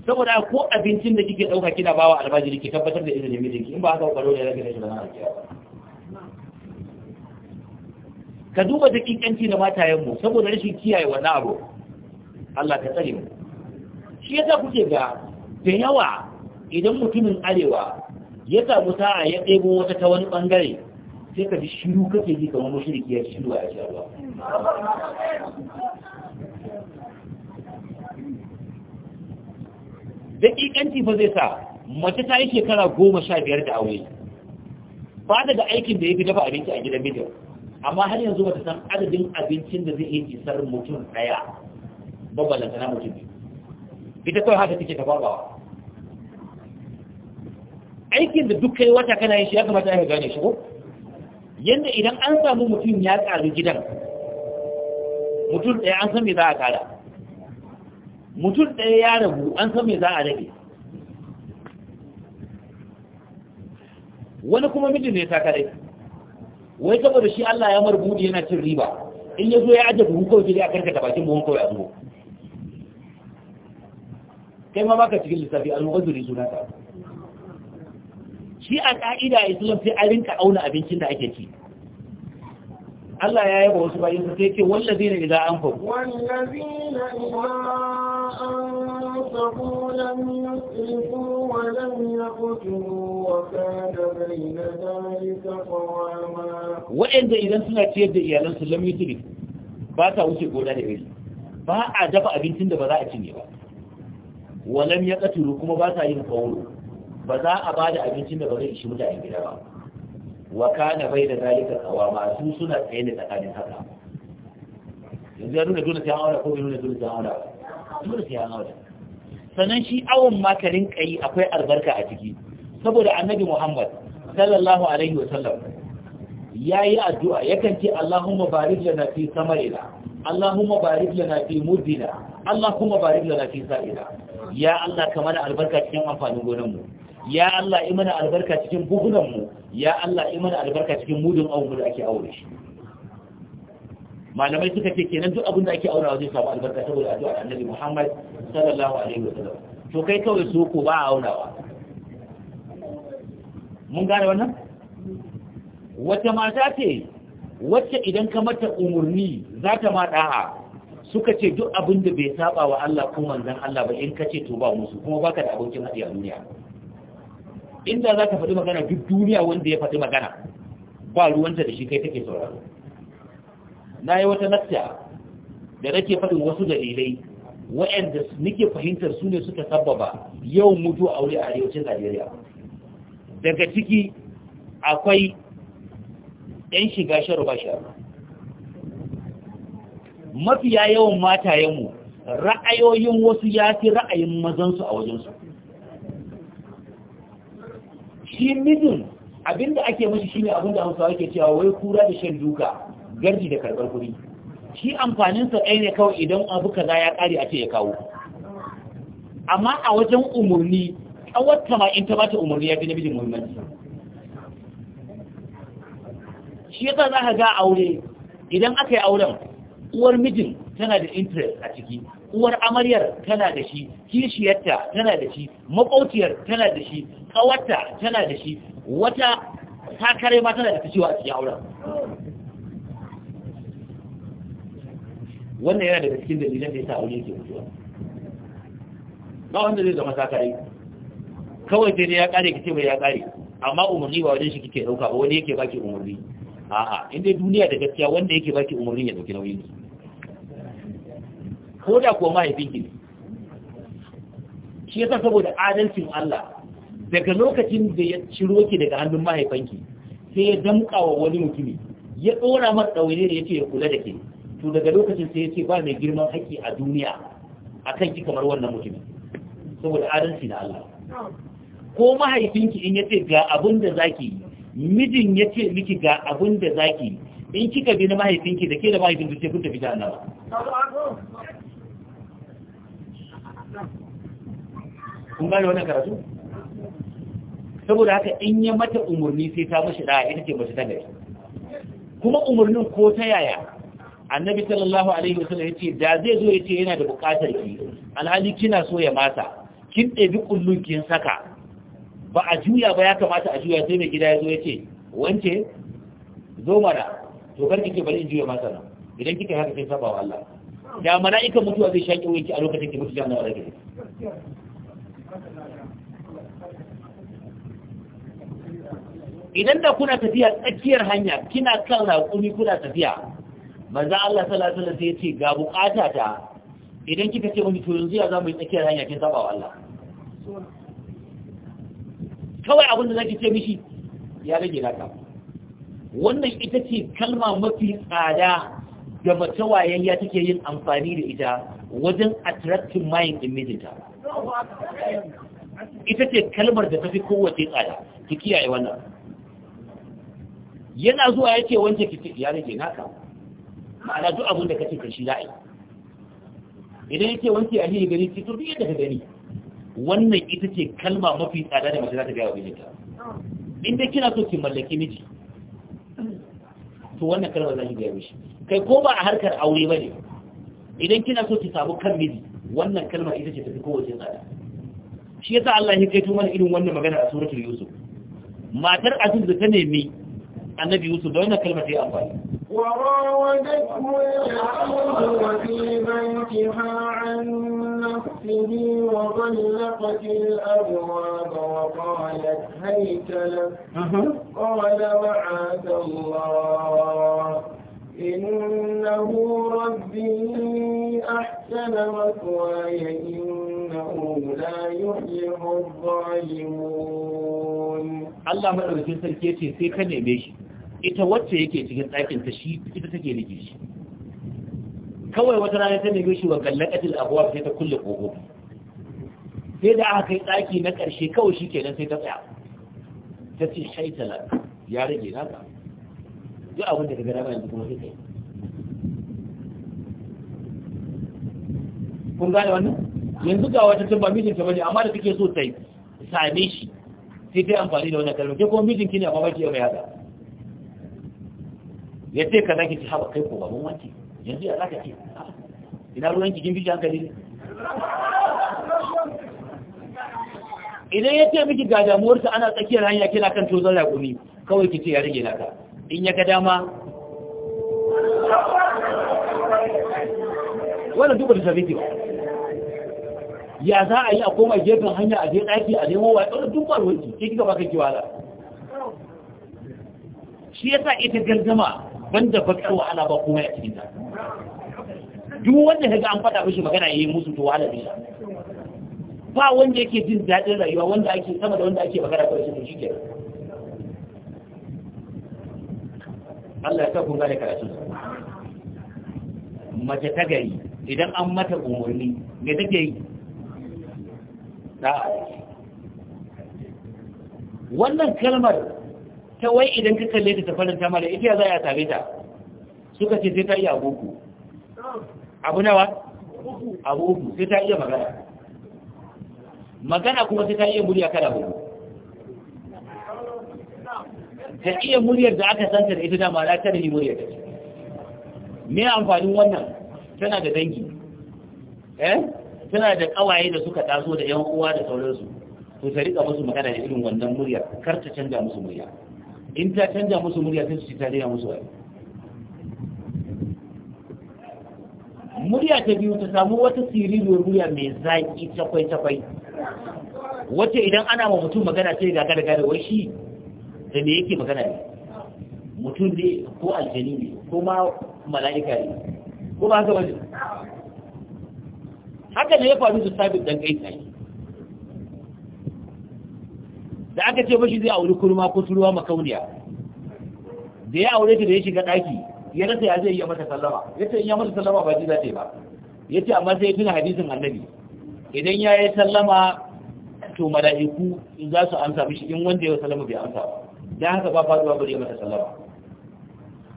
saboda ko abincin da kike dauka kina bawa albajiri ki tabbatar da izinin ki in ba haka kwaro da rage rashin lafiya ka duba dakikanci da matayen mu saboda rashin kiyaye wannan abu Allah ka tsare mu shi yasa kuke ga da yawa idan mutumin arewa ya samu sa'a ya ɗebo wata ta wani bangare sai ka ji shiru kake ji kamar mushriki ya shiru a sha ruwa daƙiƙanci ba zai sa mace ta yi shekara goma sha biyar da aure ba daga aikin da ya fi dafa abinci a gidan mijin amma har yanzu ba ta san adadin abincin da zai iya isar mutum ɗaya babban lantana mutum biyu ita kawai haka take tafabawa aikin da duk kai wata kana yin shi ya kamata ya gane shi ko yadda idan an samu mutum ya tsari gidan mutum ɗaya an san me za a ƙara mutum ɗaya ya rabu an san me za a rage wani kuma mijin ne ta kare wai saboda shi Allah ya marbudi yana cin riba in ya zo ya aje buhun kawai sai a karkata bakin buhun kawai a zuwa kai ma baka cikin lissafi al-mughaziri sunanka shi a ka'ida islam sai a rinka auna abincin da ake ci Allah ya yaba wasu bayan su sai ce wallazina idza anfaqu wallazina idza anfaqu lam yusrifu wa lam yaqtulu wa ya bayna dhalika qawama wa'anda idan suna ciyar da iyalansu lam yusrif ba ta wuce goda da iri ba a dafa abincin da ba za a cinye ba walam yaqtulu kuma ba ta yin qawlu ba za a ba da abincin da ba zai ishi mutane gida ba wa kana bai da zalika kawama masu suna tsaye da tsakanin haka yanzu ya nuna dole sai an aure ko bai nuna dole sai an aura dole sai an aura sannan shi awon ma ka akwai albarka a ciki saboda annabi Muhammad sallallahu alaihi wa sallam ya yi addu'a yakan ce Allahumma barik lana fi samarina Allahumma barik lana fi mudina Allahumma barik lana fi sa'ina ya Allah kamar albarka cikin amfanin gonar mu ya Allah yi mana albarka cikin buhunanmu ya Allah yi mana albarka cikin mudin abu da ake aure shi malamai suka ce kenan duk abin da ake aure zai samu albarka saboda addu'a annabi Muhammad sallallahu alaihi wasallam to kai kawai su ko ba aunawa mun gane wannan wata mata ce wacce idan ka mata umarni za ta ma da'a suka ce duk abin da bai saba wa Allah ko manzon Allah ba in ka ce to ba musu kuma baka da abokin hadiya duniya inda za ka faɗi magana duk duniya wanda ya faɗi magana ba ruwanta da shi kai take sauraro na yi wata nasta da nake faɗin wasu dalilai waɗanda nake fahimtar su ne suka sababa yawan mutu a wuri a arewacin Najeriya daga ciki akwai ‘yan shiga sharo ba mafiya yawan mu, ra'ayoyin wasu ya fi ra'ayin mazansu a wajensu shi mijin abinda ake mashi shine abin da hausawa ke cewa wai kura da shan duka garji da karɓar kuɗi shi amfaninsa ɗaya ne kawai idan abu kaza ya ƙare a ce ya kawo amma a wajen umarni ƙawarta ma in ta bata umarni ya fi namijin muhimmanci shi yasa za ka ga aure idan aka yi auren uwar mijin tana da interest a ciki uwar amaryar tana da shi kishiyarta tana da shi makwauciyar tana da shi kawarta tana da shi wata takare ma tana da cewa a cikin auren wannan yana daga cikin dalilan da ya sa aure ke mutuwa ba wanda zai zama takare kawai sai dai ya kare ce mai ya kare amma umarni ba wajen shi kike dauka ba wani yake baki umarni a'a inda duniya da gaskiya wanda yake baki umarnin ya dauki nauyin ko da kuwa mahaifinki ne shi yasa saboda adalcin Allah daga lokacin da ya ciro ki daga hannun mahaifanki sai ya damka wa wani mutumi ya ɗora mar ɗaure da yake ya kula da ke to daga lokacin sai ya ce ba mai girman haƙƙi a duniya akan ki kamar wannan mutumi saboda adalci na Allah ko mahaifinki in yace ga abin da zaki yi mijin ya ce miki ga abin da zaki in kika bi na mahaifinki da ke da mahaifin ce kun tafi jahannama kun gane wannan karatu saboda haka in ya mata umarni sai ta mashi da ita ce mace ta gari kuma umarnin ko ta yaya annabi sallallahu alaihi wasallam yace da zai zo yace yana da bukatar ki alhali kina so ya mata kin ɗebi kullun kin saka ba a juya ba ya kamata a juya sai mai gida ya zo ya ce wance zo mana to kar kike bari in juya masa nan idan kika haka sai saba wa Allah da mala'ikan mutuwa zai shaƙi wanki a lokacin ki mutu jami'a da gari idan da kuna tafiya tsakiyar hanya kina kan raƙumi kuna tafiya manzo Allah sallallahu alaihi wasallam yace ga bukata ta idan kika ce mun to yanzu ya zamu yi tsakiyar hanya kin saba wa Allah kawai abin da zaki ce mishi ya rage naka wannan ita ce kalma mafi tsada da mace wayayya take yin amfani da ita wajen attracting mind din mijinta ita ce kalmar da tafi kowace tsada ki kiyaye wannan yana zuwa yake wanda ki ya rage naka ma'ana duk abin da kace kashi da'i za'i idan yake ya alheri gari ki turbi yadda ka gani wannan ita ce kalma mafi tsada da mace za ta gaya wa mijinta inda kina so ki mallaki miji to wannan kalma za ki gaya mishi kai ko ba a harkar aure ba ne idan kina so ki samu kan miji wannan kalma ita ce ta fi kowace tsada shi yasa Allah ya kai mana irin wannan magana a suratul yusuf matar aziz da ta nemi annabi yusuf da wannan kalma ta yi amfani وراودته الحمد في بيتها عن نفسه وغلقت الأبواب وقالت هيت لك قال وعاد الله إنه ربي أحسن مثواي إنه لا يحيح الظالمون الله مدرسة الكيتي سيكن إبيشي ita wacce yake cikin ɗakin ta shi ita take rike shi kawai wata rana ta nemi shi wa kallakatil abuwa sai ta kulle kogo sai da aka kai ɗaki na ƙarshe kawai shi kenan sai ta tsaya ta ce shaitala ya rage naka duk abin da ka gada bayan kuma sai kai kun gane wannan yanzu ga wata tun ba mijinta bane amma da take so ta same shi sai ta yi amfani da wannan kalmar ke kuma mijinki ne amma ba ki yau mai hada ya ce ka zaki ci haɓa kai ko babban wanki yanzu ya zaka ce ina ruwan ki jimbi hankali idan ya ce miki ga damuwarsa ana tsakiyar hanya kina kan tozon raƙumi kawai ki ce ya rage naka in ya ga dama wannan duk da sabiti ba ya za a yi a koma gefen hanya a je ɗaki a nemo wa ɗaukar duk barwanki ke kika baka kiwala shi yasa ita gangama banda bakar wahala ba kuma ya cikin ta duk wanda kaga an faɗa mishi magana yayi musu to wahala ne ba wanda yake jin daɗin rayuwa wanda ake sama da wanda ake magana ko shi shike Allah ya kafa gane karatu mace ta gari idan an mata umarni me take yi da wannan kalmar ta wai idan ka kalle ta ta faranta mara ita za a same ta suka ce sai ta iya abubu abu nawa abubu sai ta iya magana magana kuma sai ta iya murya kada abubu ta iya muryar da aka santa da ita da ma ta da muryar me amfanin wannan tana da dangi eh tana da kawaye da suka taso da yan uwa da sauransu to ta musu magana da irin wannan murya kar ta canja musu murya in ta canja musu murya sai su ci ta daina musu waya murya ta biyu ta samu wata siriruwar murya mai zaƙi takwai-takwai wacce idan ana ma mutum magana sai ga gada gada wai shi da me yake magana ne mutum ne ko aljani ne ko ma mala'ika ne ko ba haka wani haka ne ya faru da sabis ɗan kai tsaye da aka ce mashi zai auri kurma kusurwa makauniya da ya aure ta da ya shiga ɗaki ya rasa ya zai iya mata sallama ya ce in ya mata sallama ba ji za ta yi ba ya ce amma sai ya tuna hadisin annabi idan ya yi sallama to mala'iku za su amsa mishi in wanda ya sallama bai amsa ba dan haka ba faduwa bari mata sallama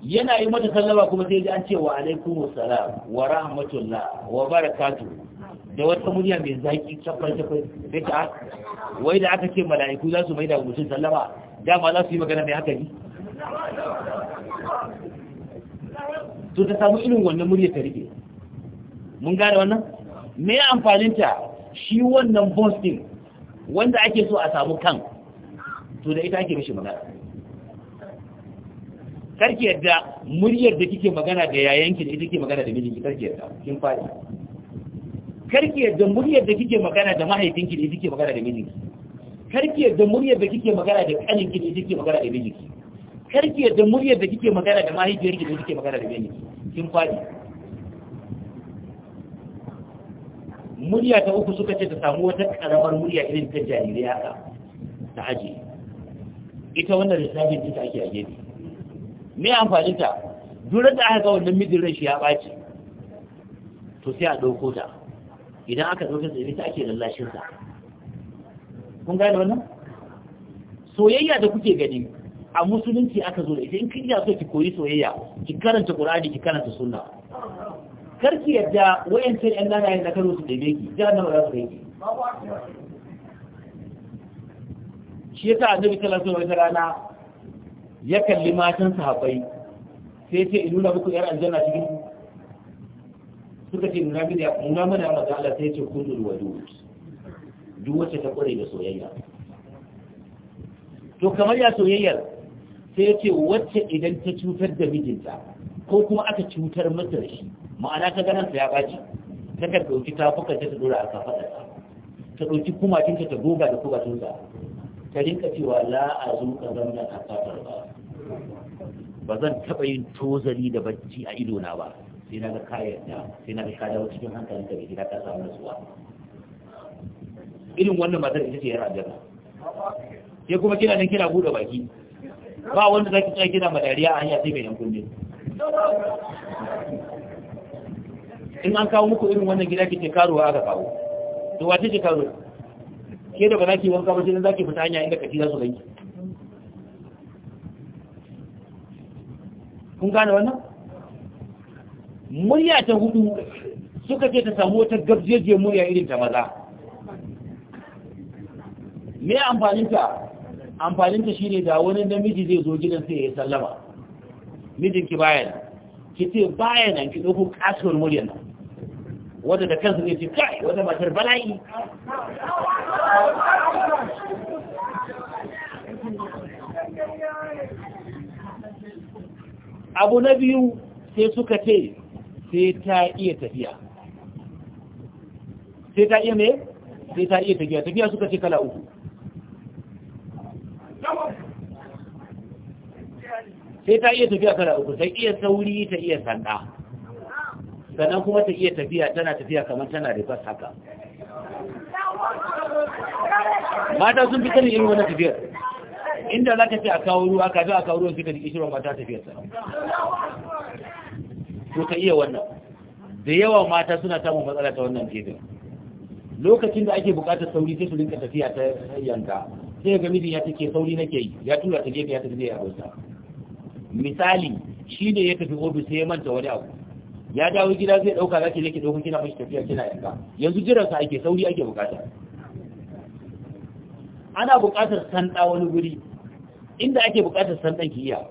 yana yi mata sallama kuma sai ji an ce wa alaikumus salam wa rahmatullah wa barakatuh da wata murya mai zaki cakwai cakwai sai ta wai da aka ce mala'iku za su mai da mutum sallama dama za su yi magana mai haka hakari to ta samu irin wannan murya ta rike mun gane wannan mai amfaninta shi wannan boston din wanda ake so a samu kan to da ita ake mishi magana karki yadda muryar da kike magana da yayanki da ita ke magana da mijinki karki yadda kin fadi karki yadda muryar da kike magana da mahaifinki ne kike magana da mijinki karki yadda muryar da kike magana da kaninki ne kike magana da mijinki karki yadda muryar da kike magana da mahaifiyarki ne kike magana da mijinki kin fadi murya ta uku suka ce ta samu wata karamar murya irin ta jarirai haka ta aje ita wannan lissafin ɗin ta ake a gefe me amfani ta duk da aka ga wannan mijin ran shi ya ɓaci to sai a ɗauko ta idan aka ɗauke da ita ake lallashin sa kun gane wannan soyayya da kuke gani a musulunci aka zo da ita in kiyar so ki koyi soyayya ki karanta qur'ani ki karanta sunna karki yadda wayancan yan lalayen da karo su daidai ki jahannama za su kai ki shi yasa annabi sallallahu alaihi wasallam rana ya kalli matan sahabbai sai sai in nuna muku yar aljanna cikin suka ce nuna da nuna mana maza Allah sai ce kudur wa duk duk wacce ta kware da soyayya to kamar ya soyayyar sai ya ce wacce idan ta cutar da mijinta ko kuma aka cutar masa da shi ma'ana ta ganin sa ya baci ta ka ta fuka ta dora a kafadar ta dauki kumatin ta goga da kumatun ta ta rinka cewa la a zo ka zanna a kafar ba ba zan taba yin tozali da bacci a idona ba sai na ga kayan da sai na ga kada dawo cikin hankalin da gida ta samu nasuwa irin wannan matar ita ce yar aljanna Ya kuma kina nan kina bude baki ba wanda zaki tsaya kina madariya a hanya sai mai yan kunne in an kawo muku irin wannan gida kike karuwa aka kawo to wace ce karuwa ke da ba za ki wanka ba sai za ki fita hanya inda kaci za su ganki kun gane wannan murya ta hudu suka ce ta samu wata gabjejiyar murya irin ta maza me amfaninta amfaninta shi ne da wani namiji zai zo gidan sai ya sallama mijinki bayan ki ce bayan ki ɗauko kasuwar muryar nan wadda da kansu ne ce kai wadda matar bala'i abu na biyu sai suka ce sai ta iya tafiya sai ta iya me sai ta iya tafiya tafiya suka ce kala uku sai ta iya tafiya kala uku sai iya sauri ta iya sanda sannan kuma ta iya tafiya tana tafiya kamar tana rifar haka mata sun fi sani irin wani tafiyar inda za ka ce a kawo ruwa kafin a kawo ruwan suka jiki shirin mata tafiyar to ka iya wannan da yawa mata suna samun matsala ta wannan gefen lokacin da ake buƙatar sauri sai su rinka tafiya ta yanka sai ga mijin ya take sauri nake yi ya tura ta gefe ya tafi zai yawarsa misali shi ne ya tafi ofis sai ya manta wani abu ya dawo gida zai dauka zaki ne ki dauka kina mashi tafiya kina yanka yanzu jiran sa ake sauri ake bukata ana bukatar sanda wani guri inda ake bukatar sandan ki iya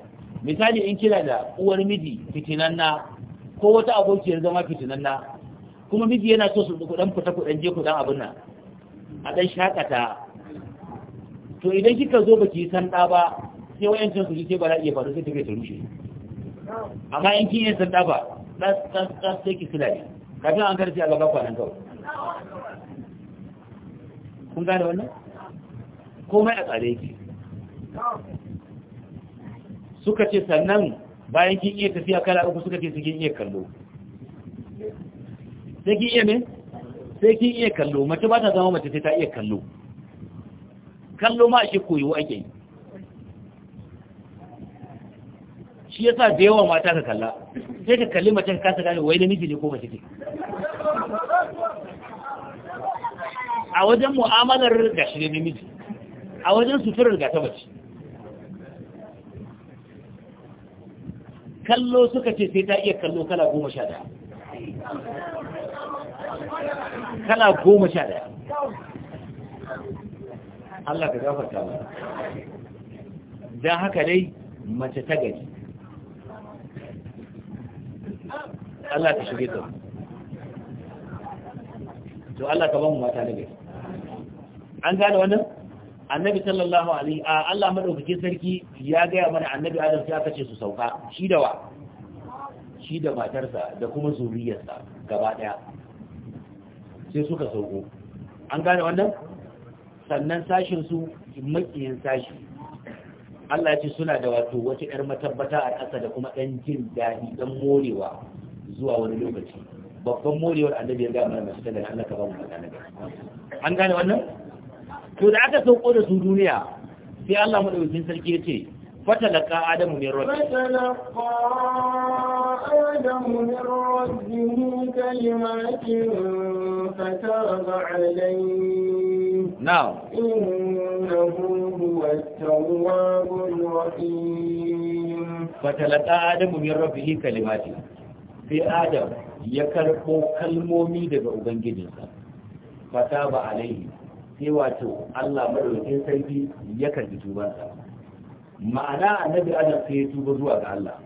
misali in kina da uwar miji fitinan na ko wata abokiyar zama na, kuma miji yana so su kudan fita kudan je kudan abin nan a dan shakata to idan kika zo baki san da ba sai wayancin su kike ba za iya faru sai take ta rushe amma in kin yin san da ba das das das sai ki sulai kafin an karfi a gaba kwanan kawai kun gane wannan komai a tsare ki suka ce sannan bayan kin iya tafiya kala uku suka ce su kin iya kallo sai kin iya me sai kin iya kallo mace ba ta zama mace sai ta iya kallo kallo ma shi koyo ake yi shi yasa da yawa mata ka kalla sai ka kalli mace ka ta gane wai namiji ne ko mace ce a wajen mu'amalar gashi ne namiji a wajen suturar ga ta mace kallo suka ce sai ta iya kallo kala goma sha daya kala goma sha daya Allah ka gafarta mu Da haka dai mace ta gaji Allah ka shige ta to Allah ka ba mu mata da gari an gane wannan annabi sallallahu alaihi a Allah madaukakin sarki ya gaya mana annabi Adam sai aka ce su sauka shi da wa shi da matarsa da kuma zuriyarsa gaba daya sai suka sauko an gane wannan sannan sashin su makiyin sashi Allah ce suna da wato wata yar matabbata a ƙasa da kuma ɗan jin daɗi ɗan morewa zuwa wani lokaci babban morewar annabi ya ga mana masu da Allah ka ba mu magana an gane wannan to da aka sauko da su duniya sai Allah madaukakin sarki ya ce fatalaka adamu min rabbi fatalaka adamu min rabbihi kalimatin fataba alayhi na'am innahu huwa tawwabur rahim fatalaka adamu min rabbihi kalimatin sai adam ya karbo kalmomi daga ubangijinsa fataba alayhi sai wato Allah madaukakin sarki ya karbi tubansa ma'ana annabi adam sai ya tuba zuwa ga Allah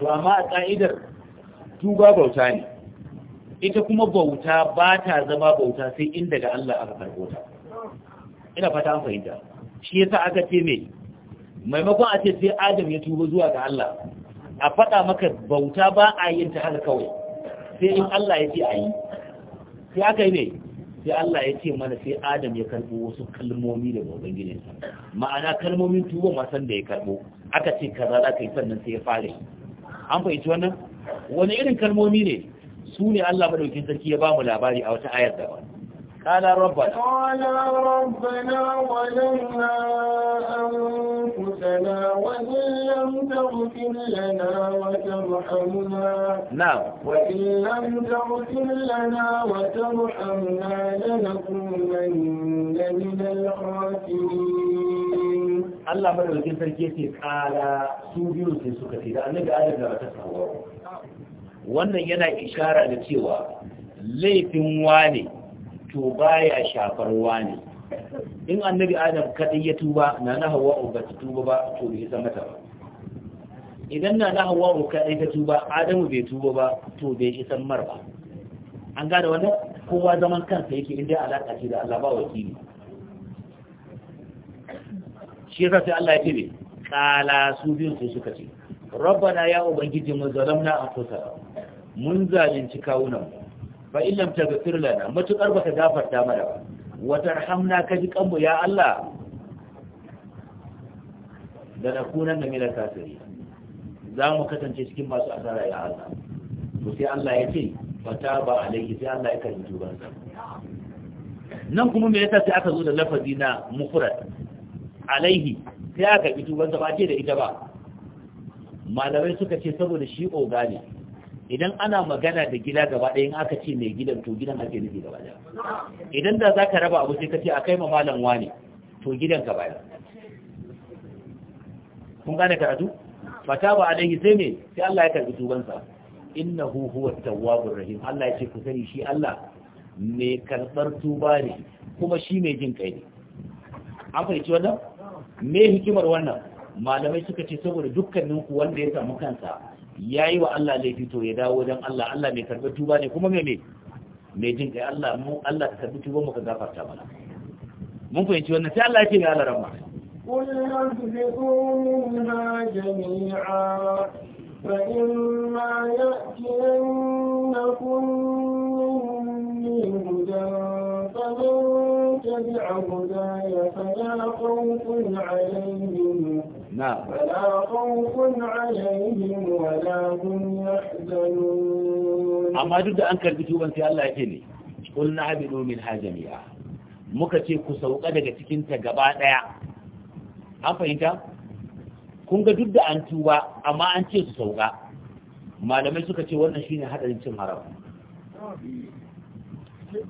to amma a ka'idar tuba bauta ne ita kuma bauta ba ta zama bauta sai in daga Allah aka karbo ta ina fata an fahimta shi yasa aka ce me maimakon a ce sai adam ya tuba zuwa ga Allah a faɗa maka bauta ba a yin ta haka kawai sai in Allah ya ce a yi sai aka yi ne sai Allah ya ce mana sai Adam ya karbo wasu kalmomi da daga ubangijin ma'ana kalmomin tuba ma san da ya karbo aka ce kaza za ka yi sannan sai ya fare an fahimci wannan wani irin kalmomi ne su ne Allah madaukin sarki ya ba mu labari a wata ayar da wani قال ربنا قال ربنا ظلمنا أنفسنا وإن لم تغفر لنا وترحمنا نعم وإن لم تغفر لنا وترحمنا لنكونن من الخاسرين Allah madaukakin sarki yake kala su biyu sai suka ce da annabi Adam da mata Hawwa wannan yana ishara da cewa laifin wane to baya shafar wani in annabi adam kadai ya tuba na na hawa ba ta tuba ba to bai zama ta ba idan na na hawa kadai ta tuba adamu bai tuba ba to bai isa mar ba an gane wannan kowa zaman kansa yake inda alaka ce da Allah ba wakili shi yasa sai Allah ya ce kala su biyun sai suka ce rabbana ya ubangiji mun zalamna anfusana mun zalunci kawunan mu ba in lam taghfir lana matukar baka gafarta mana ba wa tarhamna ka ji kanmu ya Allah da na kunan da mila kafiri za mu kasance cikin masu asara ya Allah to sai Allah ya ce ta ba alaihi sai Allah ya karbi tuban sa nan kuma me yasa sai aka zo da lafazi na mufrad alaihi sai aka karbi tuban sa ba ce da ita ba malamai suka ce saboda shi oga ne idan ana magana da gida gaba ɗaya in aka ce mai gidan to gidan ake nufi gaba ɗaya idan da za ka raba abu sai ka ce a kai ma malam ne to gidan gaba ɗaya kun gane karatu fata ba alaihi sai me sai Allah ya karbi tubansa hu huwa tawwabur rahim Allah ya ce ku sani shi Allah mai karɓar tuba ne kuma shi mai jin kai ne an fahimci wannan me hikimar wannan malamai suka ce saboda dukkanin ku wanda ya samu kansa yayi wa Allah laifi to ya dawo wajen Allah Allah mai karɓi tuba ne kuma mai ne mai jin kai Allah mu Allah ka karɓi tuba mu ka gafarta mana mun fahimci wannan sai Allah ya ce ga Allah rahma قل اهبطوا منها جميعا فإما يأتينكم مني هدى فمن تبع هداي فلا خوف عليهم amma duk da an karbi tuban sai Allah جد أنك البتوبة في الله يتني قلنا muka ce ku sauka daga cikinta gaba ɗaya an fahimta kun ga duk da an tuba amma an ce su sauka malamai suka ce wannan shine hadarin cin haram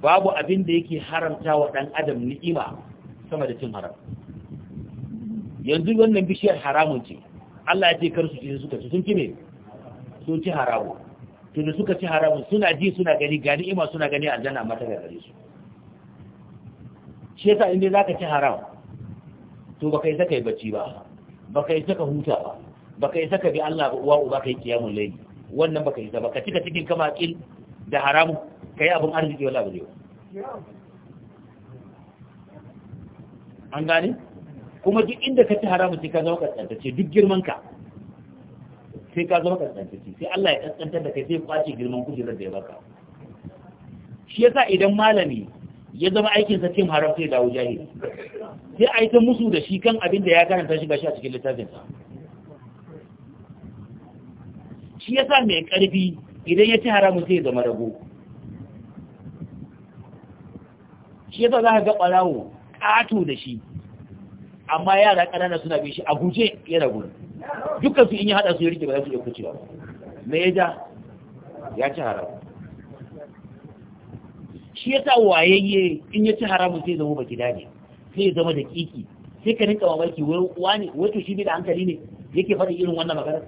babu abin da yake haramta wa ɗan adam ni'ima sama da cin haram yanzu wannan bishiyar haramun ce Allah ya ce kar su suka ci sun ci ne sun ci haramun to da suka ci haramun suna ji suna gani gani ima suna gani aljanna mata ga gare su shi yasa inda ka ci haram to ba kai saka yi bacci ba ba kai saka huta ba ba kai saka bi Allah ba uwa uba kai kiyamun layli wannan baka yi saka ka cika cikin kama kil da haramun? Ka yi abun arziki wala ba ne an gani? kuma duk inda ka ci haramun sai ka zama kaskantacce duk girman ka sai ka zama kaskantacce sai Allah ya kaskantar da kai sai kwace girman kujerar da ya baka shi yasa idan malami ya zama aikin sa cin haram sai dawo jahili sai a yi ta musu da shi kan abin da ya karanta shi gashi a cikin littafin sa shi yasa mai karfi idan ya ci haramun sai ya zama rago shi yasa za ka ga ɓarawo ƙato da shi amma yara ƙanana suna bin shi a guje yana gudu dukkan su in yi haɗa su ya rike ba za su iya kucewa me ya ja ya ci haram shi ya sa wayayye in ya ci haramun sai zama baki dane sai ya zama da kiki sai ka rinka mamaki wani wato shi ne da hankali ne yake faɗin irin wannan magana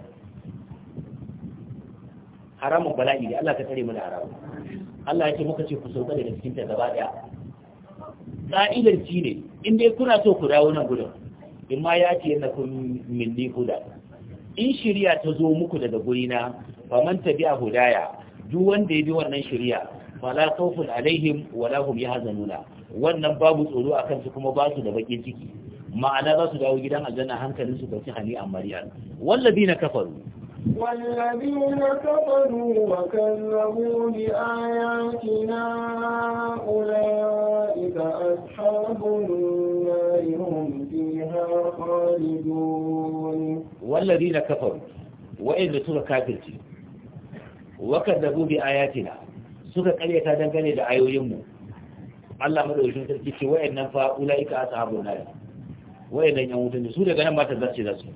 haramun bala'i da Allah ka tare mu da haramun Allah ya ce muka ce ku sauka daga cikin ta gaba daya ƙa'idar ci ne in dai kuna so ku dawo nan gudan in ma ya ce yana kun milli huda in shirya ta zo muku daga gurina ba man a hudaya duk wanda ya bi wannan shirya la khawfun alaihim wala hum wannan babu tsoro a kansu kuma ba su da bakin ciki ma'ana za su dawo gidan aljanna hankalin su kwanci hani a mariya na kafaru والذين كفروا وكذبوا بآياتنا أولئك أصحاب النار هم فيها خالدون والذين كفروا وإن سورة كافرتي وكذبوا بآياتنا سورة قرية دنگني da ayoyinmu Allah madaukakin sarki ce wayannan fa ulaika ashabun nar wayannan yan wutan su daga nan ba ta zace da su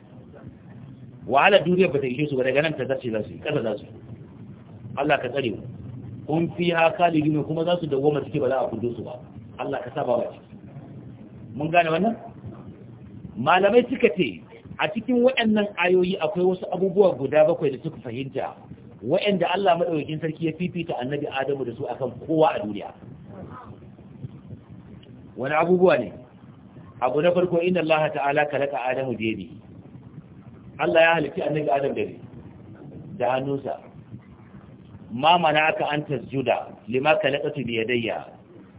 wahala duniya ba ta ishe su ba daga nan ta zace za su yi kada za su Allah ka tsare mu kun fi ha kalidin kuma za su dawo masu ba za a kudo su ba Allah ka saba wa mun gane wannan malamai suka ce a cikin waɗannan ayoyi akwai wasu abubuwa guda bakwai da suka fahimta waɗanda Allah madaukakin sarki ya fifita annabi Adamu da su akan kowa a duniya wani abubuwa ne abu na farko inna Allah ta'ala kalaka Adamu da yadihi Allah ya halitta annabi Adam da ne da hannunsa ma mana aka an tasjuda lima kalaqatu bi yadayya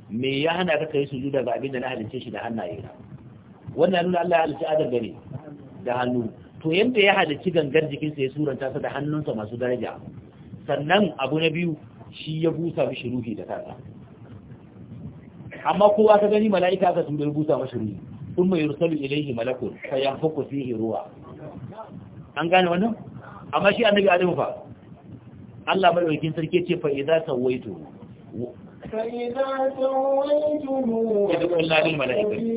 me ya hana ka kai sujuda ga abin da na halitta shi da hannaye na wannan nuna Allah ya halitta Adam da da hannu to yanda ya halitta gangar jikinsa ya suranta sa da hannunsa masu daraja sannan abu na biyu shi ya busa mishi ruhi da kansa amma kowa ka gani mala'ika ka tura busa mishi ruhi kuma yursalu ilayhi malakun fayanfuku fihi ruwa an gane wannan amma shi annabi adamu fa Allah madaukakin sarki ce fa idza sawaitu fa idza sawaitu idu Allah lil malaikati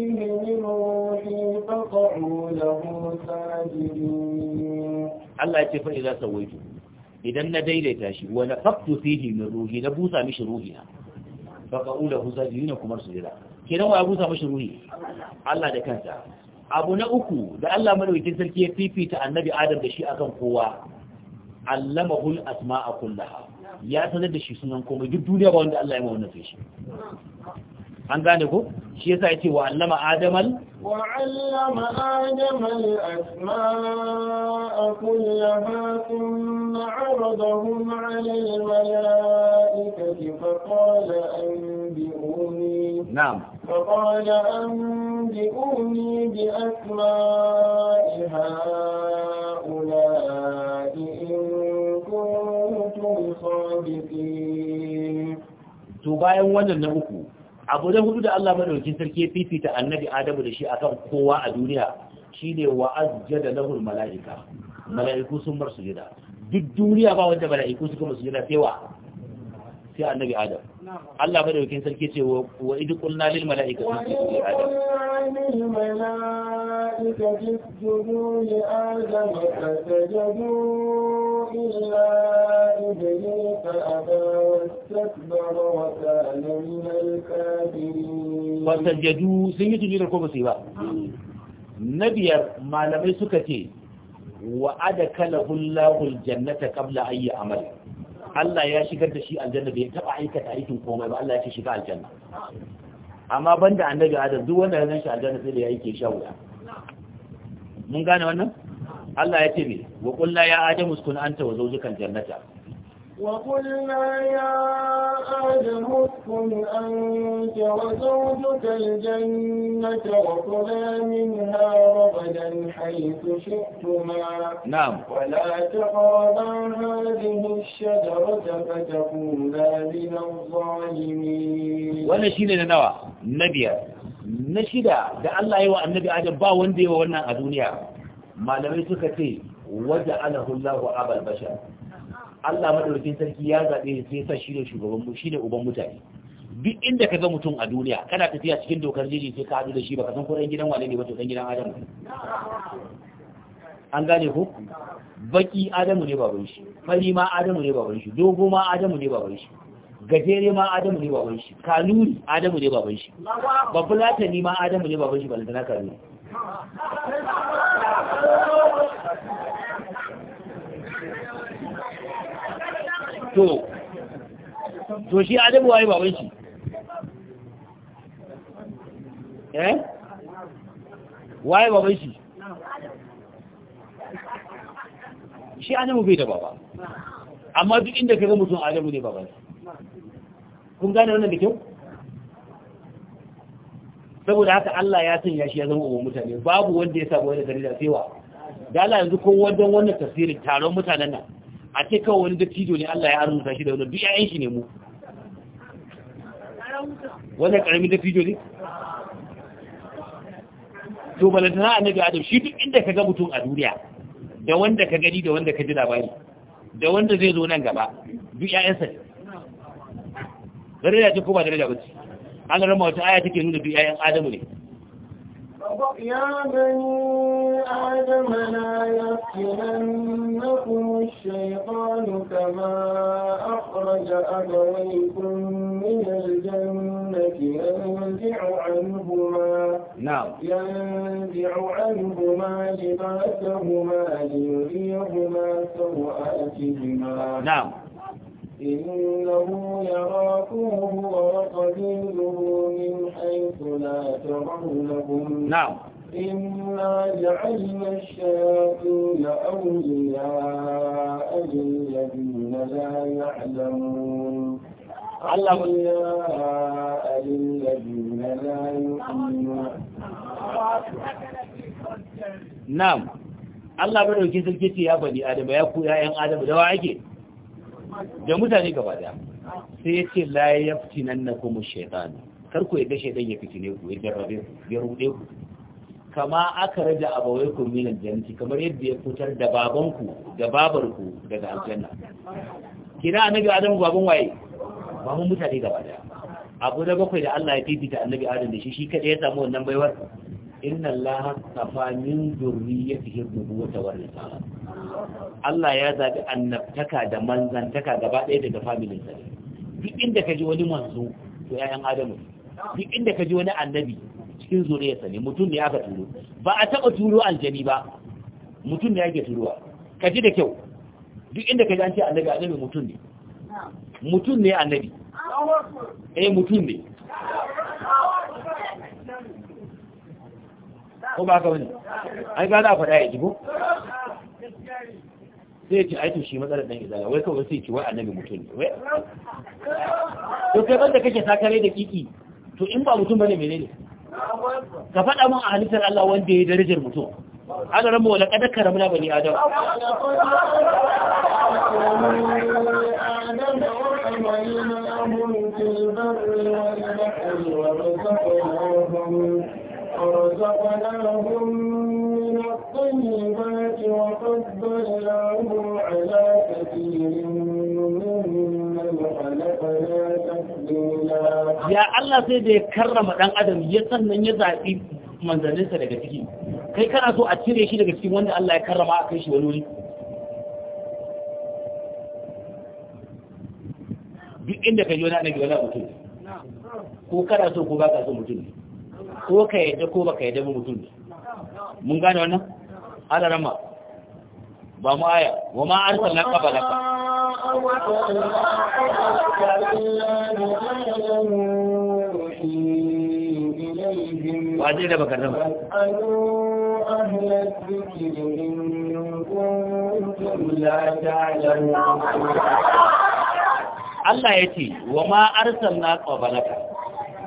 Allah ce fa idza sawaitu idan na daidaita shi wa faqtu fihi min ruhi na busa mishi ruhi fa qa'ulahu sajidina kuma sujada kenan wa busa mishi ruhi Allah da kansa abu na uku da Allah madaukakin sarki ya fifita annabi Adam da shi akan kowa allamahul asma'a kullaha ya sanar da shi sunan komai duk duniya ba wanda Allah ya mawana sai shi an gane ku? shi yasa ce wa allama adamal wa allama adamal asma'a kullaha thumma 'aradahum 'ala al-mala'ikati fa qala anbi'un نعم فقال أنبئوني بأسماء هؤلاء إن كنتم صادقين تباين ونن أكو abu da hudu da Allah madaukakin sarki fifita annabi Adamu da shi akan kowa a duniya shine wa azjada lahul malaika malaiku sun bar sujada duk duniya ba wanda malaiku suka bar sujada sai wa sai annabi Adam Allah madaukakin sarki ce wa idu kulna lil mala'ika sun ce ne adam fasajjadu sun yi tujira ko ba su yi ba na biyar malamai suka ce wa kala hullahul jannata kabla ayyi amal Allah ya shigar da shi aljanna bai taba aikata aikin komai ba Allah ya ce shiga aljanna amma banda annabi Adam duk wanda ya zan shi aljanna sai da yake sha mun gane wannan Allah ya ce ne wa qul ya adamu uskun anta wa zawjuka jannata وقلنا يا آدم اسكن أنت وزوجك الجنة وكلا منها رغدا حيث شئتما نعم ولا تقربا هذه الشجرة فتكونا من الظالمين ولا شيء لنا نبيا نشida da Allah yawa annabi Adam ba wanda yawa wannan a duniya malamai suka ce waja'alahu Allahu abal bashar Allah madaukakin sarki ya zabe sai sa shi ne shugaban mu shine uban mutane duk inda ka ga mutum a duniya kana tafiya cikin dokar jiji sai ka hadu da shi baka san ko ɗan gidan wane ne ba to ɗan gidan Adamu an gane ko baki Adamu ne baban shi fari ma Adamu ne baban shi dogo ma Adamu ne baban shi gajere ma Adamu ne baban shi kanuri Adamu ne baban shi bafulatani ma Adamu ne baban shi balantana kanuri to to shi adamu waye baban shi eh waye baban shi shi adamu bai da baba amma duk inda ka ga mutum adamu ne baban kun gane wannan da kyau saboda haka Allah ya sanya shi ya zama uban mutane babu wanda ya sabo da dalila sai wa da Allah yanzu kowa don wannan tafsirin taron mutanen nan a ce kawai wani dattijo ne Allah ya arzuta shi da wani duk yayin shi ne mu wannan karami dattijo ne to na annabi adam shi duk inda ka ga mutum a duniya da wanda ka gani da wanda ka ji labari da wanda zai zo nan gaba duk sa ne ya ce ko ba daraja ba ce an rama wata aya take nuna duk ƴaƴan adamu ne يا بني آدم لا يفتننكم الشيطان كما أخرج أبويكم من الجنة ينزع عنهما نعم ينزع عنهما لباسهما ليريهما سوآتهما نعم إنه يراكم هو وقبيله من حيث لا ترونهم نعم إنا جعلنا الشياطين أولياء للذين لا يعلمون أولياء للذين لا يؤمنون نعم Allah madaukin sarki ce ya faɗi Adam ya ku ‘ya'yan adam da wa ake? da mutane gaba daya sai ya ce la nan na kuma shaitan kar ya yadda shaitan ya fitine ku ya jarrabe ku ya rude ku kama aka raja abawai ku minan jannati kamar yadda ya fitar da babanku da babarku daga aljanna kina annabi adam baban waye baban mutane gaba daya abu da bakwai da Allah ya fifita annabi adam da shi shi kada ya samu wannan baiwar inna allaha safa min zurriyyatihi nubuwata wa risala Allah ya zaɓi annabtaka da manzantaka gaba ɗaya daga familin sa duk inda ka ji wani manzo to ƴaƴan Adamu duk inda ka ji wani annabi cikin zuriyarsa ne mutum ne aka turo ba a taɓa turo aljani ba mutum ne ake turowa ka ji da kyau duk inda ka ji an ce annabi annabi mutum ne mutum ne annabi eh mutum ne ko ba ka wani ai ba za a faɗa ya ji ko sai ce aikin shi matsalar ɗan izala wai kawai sai ce wai annabi mutum ne wai to kai banda kake sakare da kiki to in ba mutum bane menene ka faɗa mun a halittar Allah wanda ya darajar mutum an ramu wala kada karamna bani adam ورزقناهم Ya على كثير da ya karrama ɗan adam ya كرم ya ادم يتسنن يزعبي manzanninsa daga ciki kai kana so a cire shi daga cikin wanda Allah ya karrama a kai shi wani wuri duk inda ka yi wani annabi wani mutum ko kana so ko ba ka so mutum ko ka yadda ko ba ka yadda mutum mun gane wannan rama ba mu aya wa ma arsalna qablaka wa dai da baka nan Allah ya ce wa ma arsalna qablaka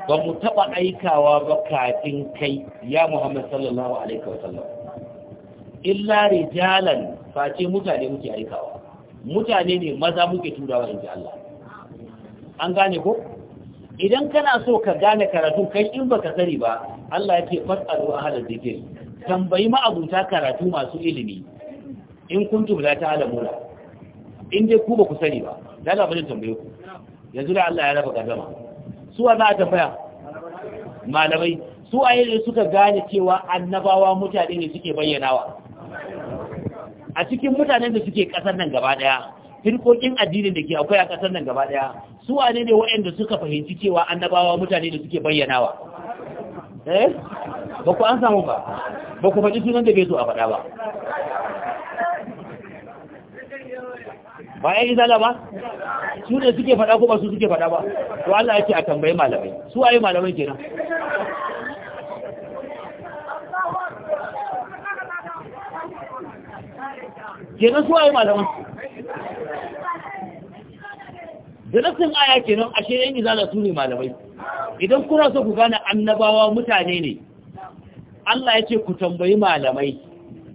ba mu taba aikawa ba kafin kai ya Muhammad sallallahu alaihi wasallam illa rijalan face mutane muke aikawa mutane ne maza muke turawa inji Allah an gane ko idan kana so ka gane karatu kai in baka sani ba Allah yake fasalu ahla zikir tambayi ma abuta karatu masu ilimi in kuntum la ta'lamuna in dai ku ba ku sani ba dan Allah bane tambaye ku yanzu da Allah ya raba gadama su wa za a tambaya malamai su ayi suka gane cewa annabawa mutane ne suke bayyanawa a cikin mutanen da suke ƙasar nan gaba ɗaya firkokin addinin da ke akwai a ƙasar nan gaba ɗaya su wane ne waɗanda suka fahimci cewa annabawa mutane da suke bayyanawa eh ba ku an samu ba ba ku faɗi sunan da bai so a faɗa ba ba ya yi zala ba su ne suke faɗa ko ba su suke faɗa ba to Allah ya ce a tambayi malamai su waye malamai kenan kenan su waye malaman da nasin aya kenan ashe yin izala su ne malamai idan kuna so ku gane annabawa mutane ne Allah ya ce ku tambayi malamai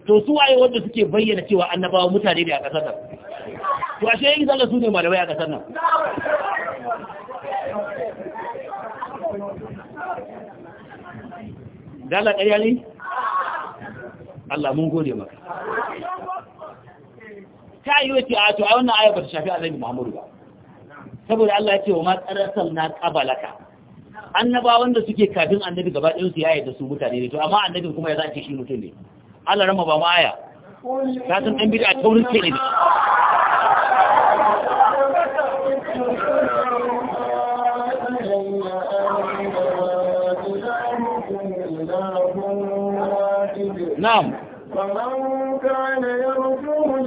to su waye wanda suke bayyana cewa annabawa mutane ne a ƙasar nan to ashe yin izala su ne malamai a ƙasar nan Dala ƙarya ne? Allah mun gode maka. ta yi wace a to a wannan ayar ba ta shafi annabi Muhammadu ba saboda Allah ya ce wa ma qarasal na qabalaka Annaba wanda suke kafin annabi gaba ɗayan su yayi da su mutane ne to amma annabin kuma ya zace shi mutum ne Allah rama ba ma aya ka san dan bid'a taurin ce ne نعم فمن كان يرى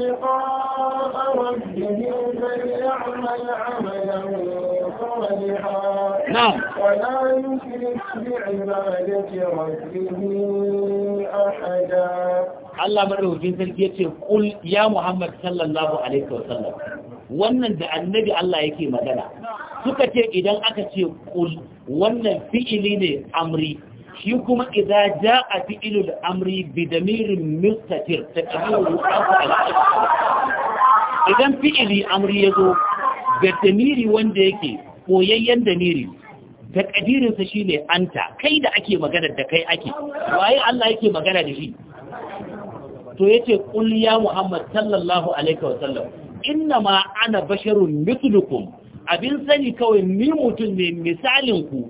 لقاء ربه فليعمل عملا صالحا نعم ولا يشرك بعبادة ربه أحدا Allah madaukakin sarki yace kul ya Muhammad sallallahu alaihi wasallam wannan da annabi Allah yake magana suka ce idan aka ce kul wannan fi'ili ne amri shi kuma idza jaa fi'lul amri bi damirin mustatir taqdiru idan fi'ili amri yazo ga damiri wanda yake koyayyen damiri da kadirinsa shi ne anta kai da ake magana da kai ake waye Allah yake magana da shi to yace qul ya muhammad sallallahu alaihi wa sallam inna ana basharun mithlukum abin sani kawai ni mutum ne misalin ku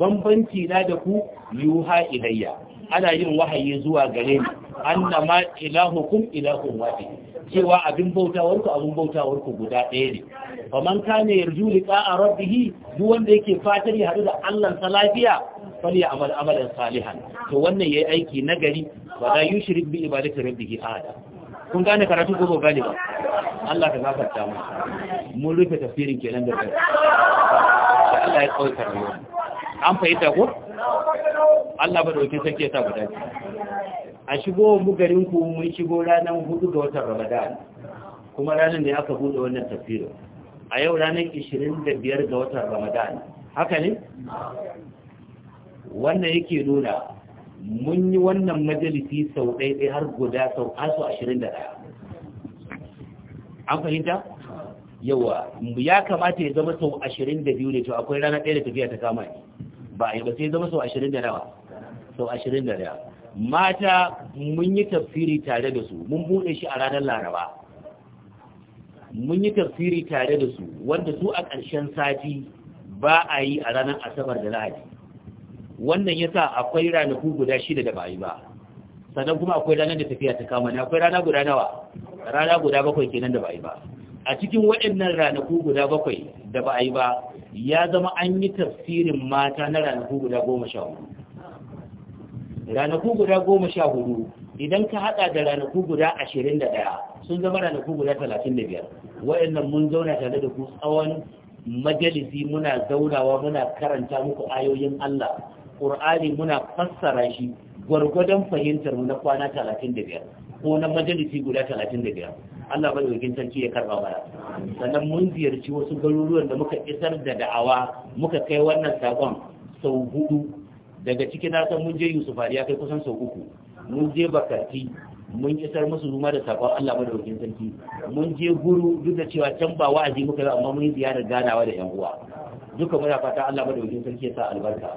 bambanci na da ku yuha ilayya ana yin wahayi zuwa gare ni annama ilahukum ilahun wahid cewa abin bautawar ku abin bautawar ku guda ɗaya ne faman kana yarju liqa'a rabbih duk wanda yake fatar ya hadu da Allah sa lafiya fali amal amalan salihan to wannan yayi aiki nagari wa la yushrik bi ibadati rabbih ahada kun gane karatu ko ba gane ba Allah ta gafarta mu mun rufe tafsirin kenan da Allah ya kauka rayuwa an fahimta ko Allah ba dauki sake sa guda a shigo mu garin ku mun shigo ranar hudu ga watan Ramadan kuma ranar ne aka bude wannan tafsiri a yau ranar 25 ga watan Ramadan haka ne wannan yake nuna mun yi wannan majalisi sau ɗaiɗai har guda sau asu 21 an fahimta yawa ya kamata ya zama sau 22 ne to akwai rana ɗaya da tafiya ta kama ne ba a yi ba sai zama sau ashirin da nawa sau ashirin da daya mata mun yi tafsiri tare da su mun buɗe shi a ranar laraba mun yi tafsiri tare da su wanda su a ƙarshen sati ba a yi a ranar asabar da lahadi wannan ya sa akwai ranaku guda shida da ba yi ba sannan kuma akwai ranar da tafiya ta kama ne akwai rana guda nawa rana guda bakwai kenan da ba yi ba a cikin waɗannan ranaku guda bakwai da ba a yi ba ya zama an yi tafsirin mata na ranaku guda goma sha hudu ranaku guda goma sha hudu idan ka haɗa da ranaku guda ashirin da ɗaya sun zama ranaku guda talatin da biyar waɗannan mun zauna tare da ku tsawon majalisi muna zaunawa muna karanta muku ayoyin Allah ƙur'ani muna fassara shi gwargwadon fahimtar mu na kwana talatin da biyar ko na majalisi guda talatin da biyar Allah bai wakin sarki ya karba baya sannan mun ziyarci wasu garuruwan da muka isar da da'awa muka kai wannan sakon sau hudu daga cikin nasa mun je Yusuf Yusufari ya kai kusan sau uku mun je Bakarti mun isar musu ruma da sakon Allah madaukakin sarki mun je guru duk da cewa can ba wa'azi muka yi amma mun yi ziyarar ganawa da yan uwa duka muna fata Allah madaukakin sarki ya sa albarka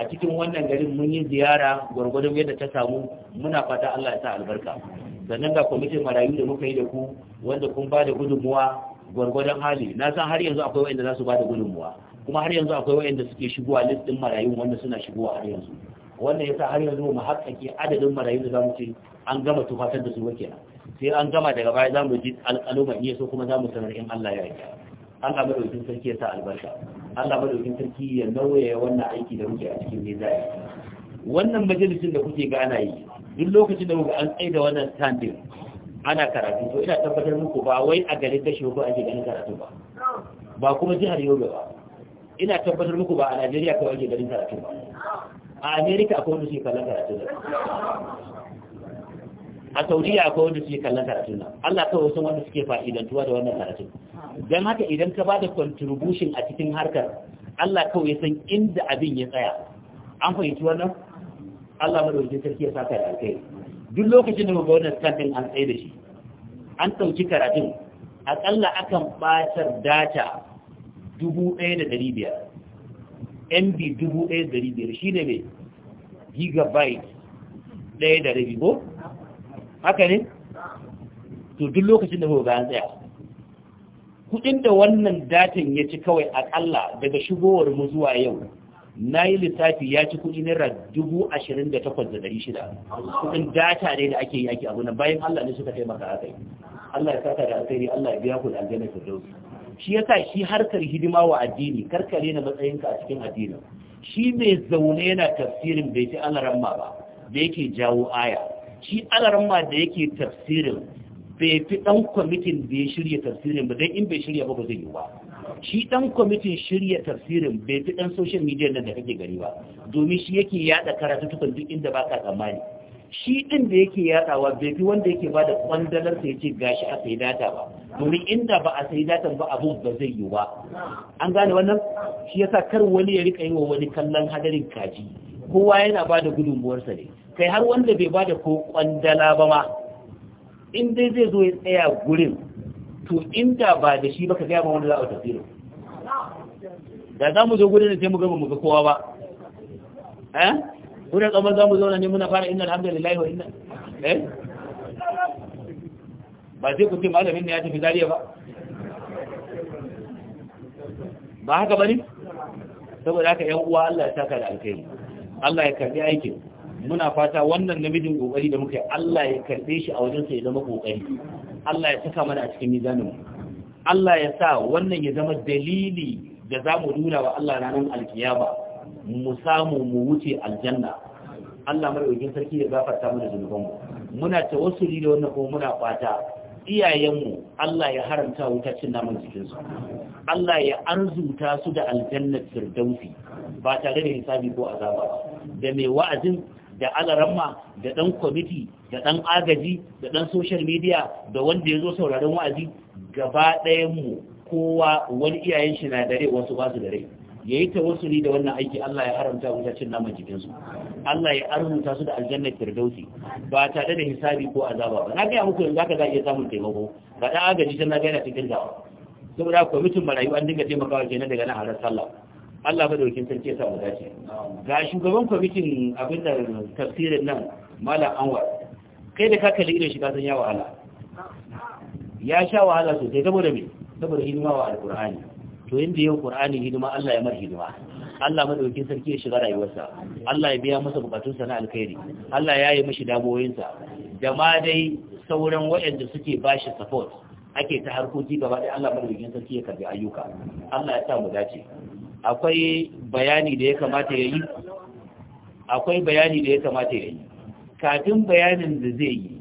a cikin wannan garin mun yi ziyara gwargwadon yadda ta samu muna fata Allah ya sa albarka sannan ga kwamitin marayu da muka yi da ku wanda kun ba da gudunmuwa gwargwadon hali na san har yanzu akwai wa'anda za su ba da gudunmuwa kuma har yanzu akwai wa'anda suke shigowa list din marayun wanda suna shigowa har yanzu wannan yasa har yanzu mu haƙƙaƙe adadin marayun da zamu ce an gama tufatar da su kenan sai an gama daga baya za mu ji alƙaluma iya so kuma zamu sanar in Allah ya yi. Allah madaukin sarki ya sa albarka Allah madaukin sarki ya nauye wannan aiki da muke a cikin zai wannan majalisin da kuke gana yi duk lokacin da muka an tsaye da wannan standing ana karatu to ina tabbatar muku ba wai a garin gashi ko ake ganin karatu ba ba kuma jihar Yobe ba ina tabbatar muku ba a Najeriya kawai ake ganin karatu ba a America akwai wanda suke kallon karatu da a saudiya akwai wanda suke kallon karatun nan Allah kawai san wanda suke fa'idantuwa da wannan karatun don haka idan ka bada contribution a cikin harkar Allah kawai san inda abin ya tsaya an fahimci wannan Allah madaukakin sarki ya saka da alkai duk lokacin da muka wannan standing an tsaye da shi an ɗauki karatun akalla akan ɓatar data dubu ɗaya da ɗari biyar mb dubu ɗaya da ɗari biyar shi ne mai gigabyte ɗaya da rabi ko haka ne to duk lokacin da kuka ga tsaya kudin da wannan datin ya ci kawai a akalla daga shigowar mu zuwa yau na yi lissafi ya ci kudi na dubu ashirin da takwas da dari shida kudin data ne da ake yi ake abu na bayan allah ne suka taimaka a yi allah ya saka da alkhairi allah ya biya ku da aljanna dauki shi yasa shi harkar hidima wa addini karkare na matsayinka a cikin addini shi mai zaune yana tafsirin bai fi ramma ba da yake jawo aya shi alarma da yake tafsirin bai fi ɗan kwamitin da ya shirya tafsirin ba don in bai shirya ba ba zai yi ba shi ɗan kwamitin shirya tafsirin bai fi ɗan social media nan da kake gari ba domin shi yake yada tukan duk inda ba ka tsammani shi ɗin da yake yadawa bai fi wanda yake ba da kwandalar sa yace gashi a sai data ba domin inda ba a sai datan ba abu ba zai yi ba an gane wannan shi yasa kar wani ya rika yi wa wani kallon hadarin kaji kowa yana ba da gudunmuwarsa ne kai har wanda bai ba da ko kwandala ba ma in dai zai zo ya tsaya gurin to inda ba da shi baka gaya ba wanda za a tafi da za mu zo gurin da sai mu gaba mu ga kowa ba eh gurin kamar za mu zauna ne muna fara inna alhamdulillahi wa inna eh ba zai ku ce malamin ne ya tafi zariya ba ba haka bane saboda haka yan uwa Allah ya saka da alkai Allah ya karbi aikin muna fata wannan namijin kokari da muka yi Allah ya karbe shi a wajen sa ya zama kokari Allah ya saka mana a cikin mizanin Allah ya sa wannan ya zama dalili da za mu nuna wa Allah ranar alkiyama mu samu mu wuce aljanna Allah madaukakin sarki ya gafarta mana mu muna tawassuli da wannan kuma muna fata iyayenmu Allah ya haramta wuta cin naman su Allah ya arzuta su da aljannar firdausi ba tare da hisabi ko azaba da mai wa'azin da alaramma da ɗan kwamiti da ɗan agaji da ɗan social media da wanda ya zo sauraron wa'azi gaba ɗayanmu kowa wani iyayen shi na dare wasu ba su da rai ya yi ni da wannan aiki Allah ya haramta wuta cin naman jikinsu Allah ya arzuta su da aljannar firdausi ba tare da hisabi ko azaba ba na gaya muku yanzu haka za a iya samun taimako ga ɗan agaji na gaina cikin da saboda kwamitin marayu an dinga taimakawa kenan daga nan harar sallah Allah wakil sarki ya sa mu dace ga shugaban kwamitin abin da tafsirin nan malam anwar kai da ka kalli irin shiga sun ya wahala ya sha wahala sosai saboda me saboda hidima wa alqur'ani to inda yau qur'ani hidima Allah ya mar hidima Allah madaukin sarki ya shiga rayuwarsa Allah ya biya masa bukatunsa na alkhairi Allah ya yi mishi damuwoyinsa da ma dai sauran waɗanda suke bashi support ake ta harkoki gaba da Allah madaukin sarki ya karbi ayyuka Allah ya sa mu dace akwai bayani da ya kamata ya yi akwai bayani da ya kamata ya yi kafin bayanin da zai yi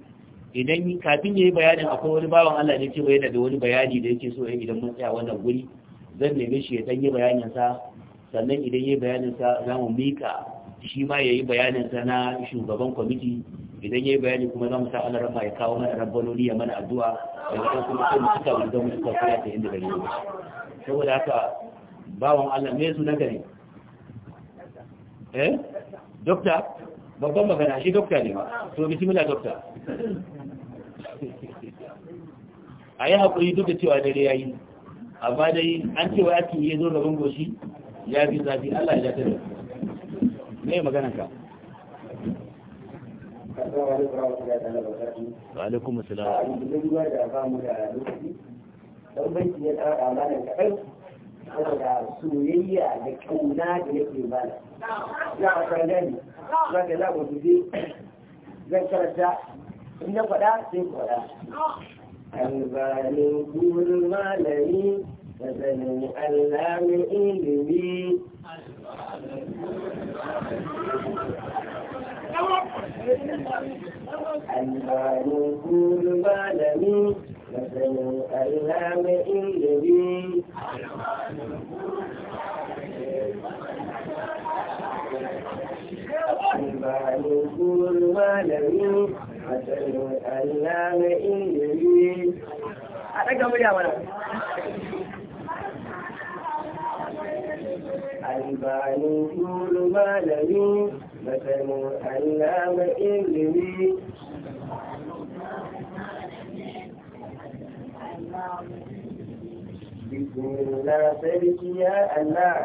idan kafin ya yi bayanin akwai wani bawan Allah ne cewa yana da wani bayani da yake so ya idan mun tsaya wannan guri zan nemi shi ya danye bayaninsa sannan idan ya yi bayaninsa za mu mika shi ma ya yi bayaninsa na shugaban kwamiti idan ya yi bayani kuma za mu sa Allah rabba ya kawo mana rabbanoni ya mana addu'a daga kuma kuma sai mu kuma kuma don kuma kuma kuma ta kuma kuma saboda haka bawan Allah me su ka ne eh dokta babban magana shi dokta ne ba to bismillah dokta a yi duk da cewa dare ya yi amma dai an cewa yake ya zo bango goshi ya fi zafi Allah ya tada me magana ka wa alaikum assalam a da ba da lokaci dan banki ya tsara amana kaɗai saboda soyayya da kauna da yake bada a za ka karanta sai albanin malami da ilimi albanin malami مثل الأيام الذي المال كل مالي مثل الأيام الذي البال كل مالي مثل الأيام الذي بسم الله سيدك يا الله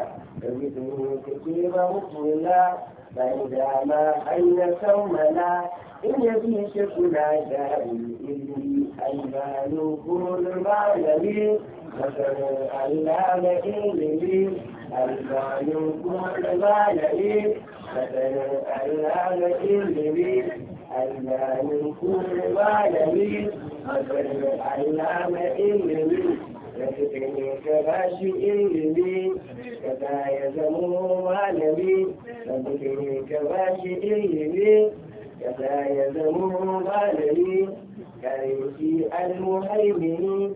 فبسم كثير بسم الله فإذا ما حي سومنا إن يبي شكنا جاهل إلي أيمان كل العالمين مثل علام إلي أيمان كل العالمين مثل علام إلي علام كل عالمي مثل علام إلمي لفتني كراشي إلمي كذا يزمو عالمي لفتني كراشي إلمي كذا يزمو عالمي كريسي المهيمن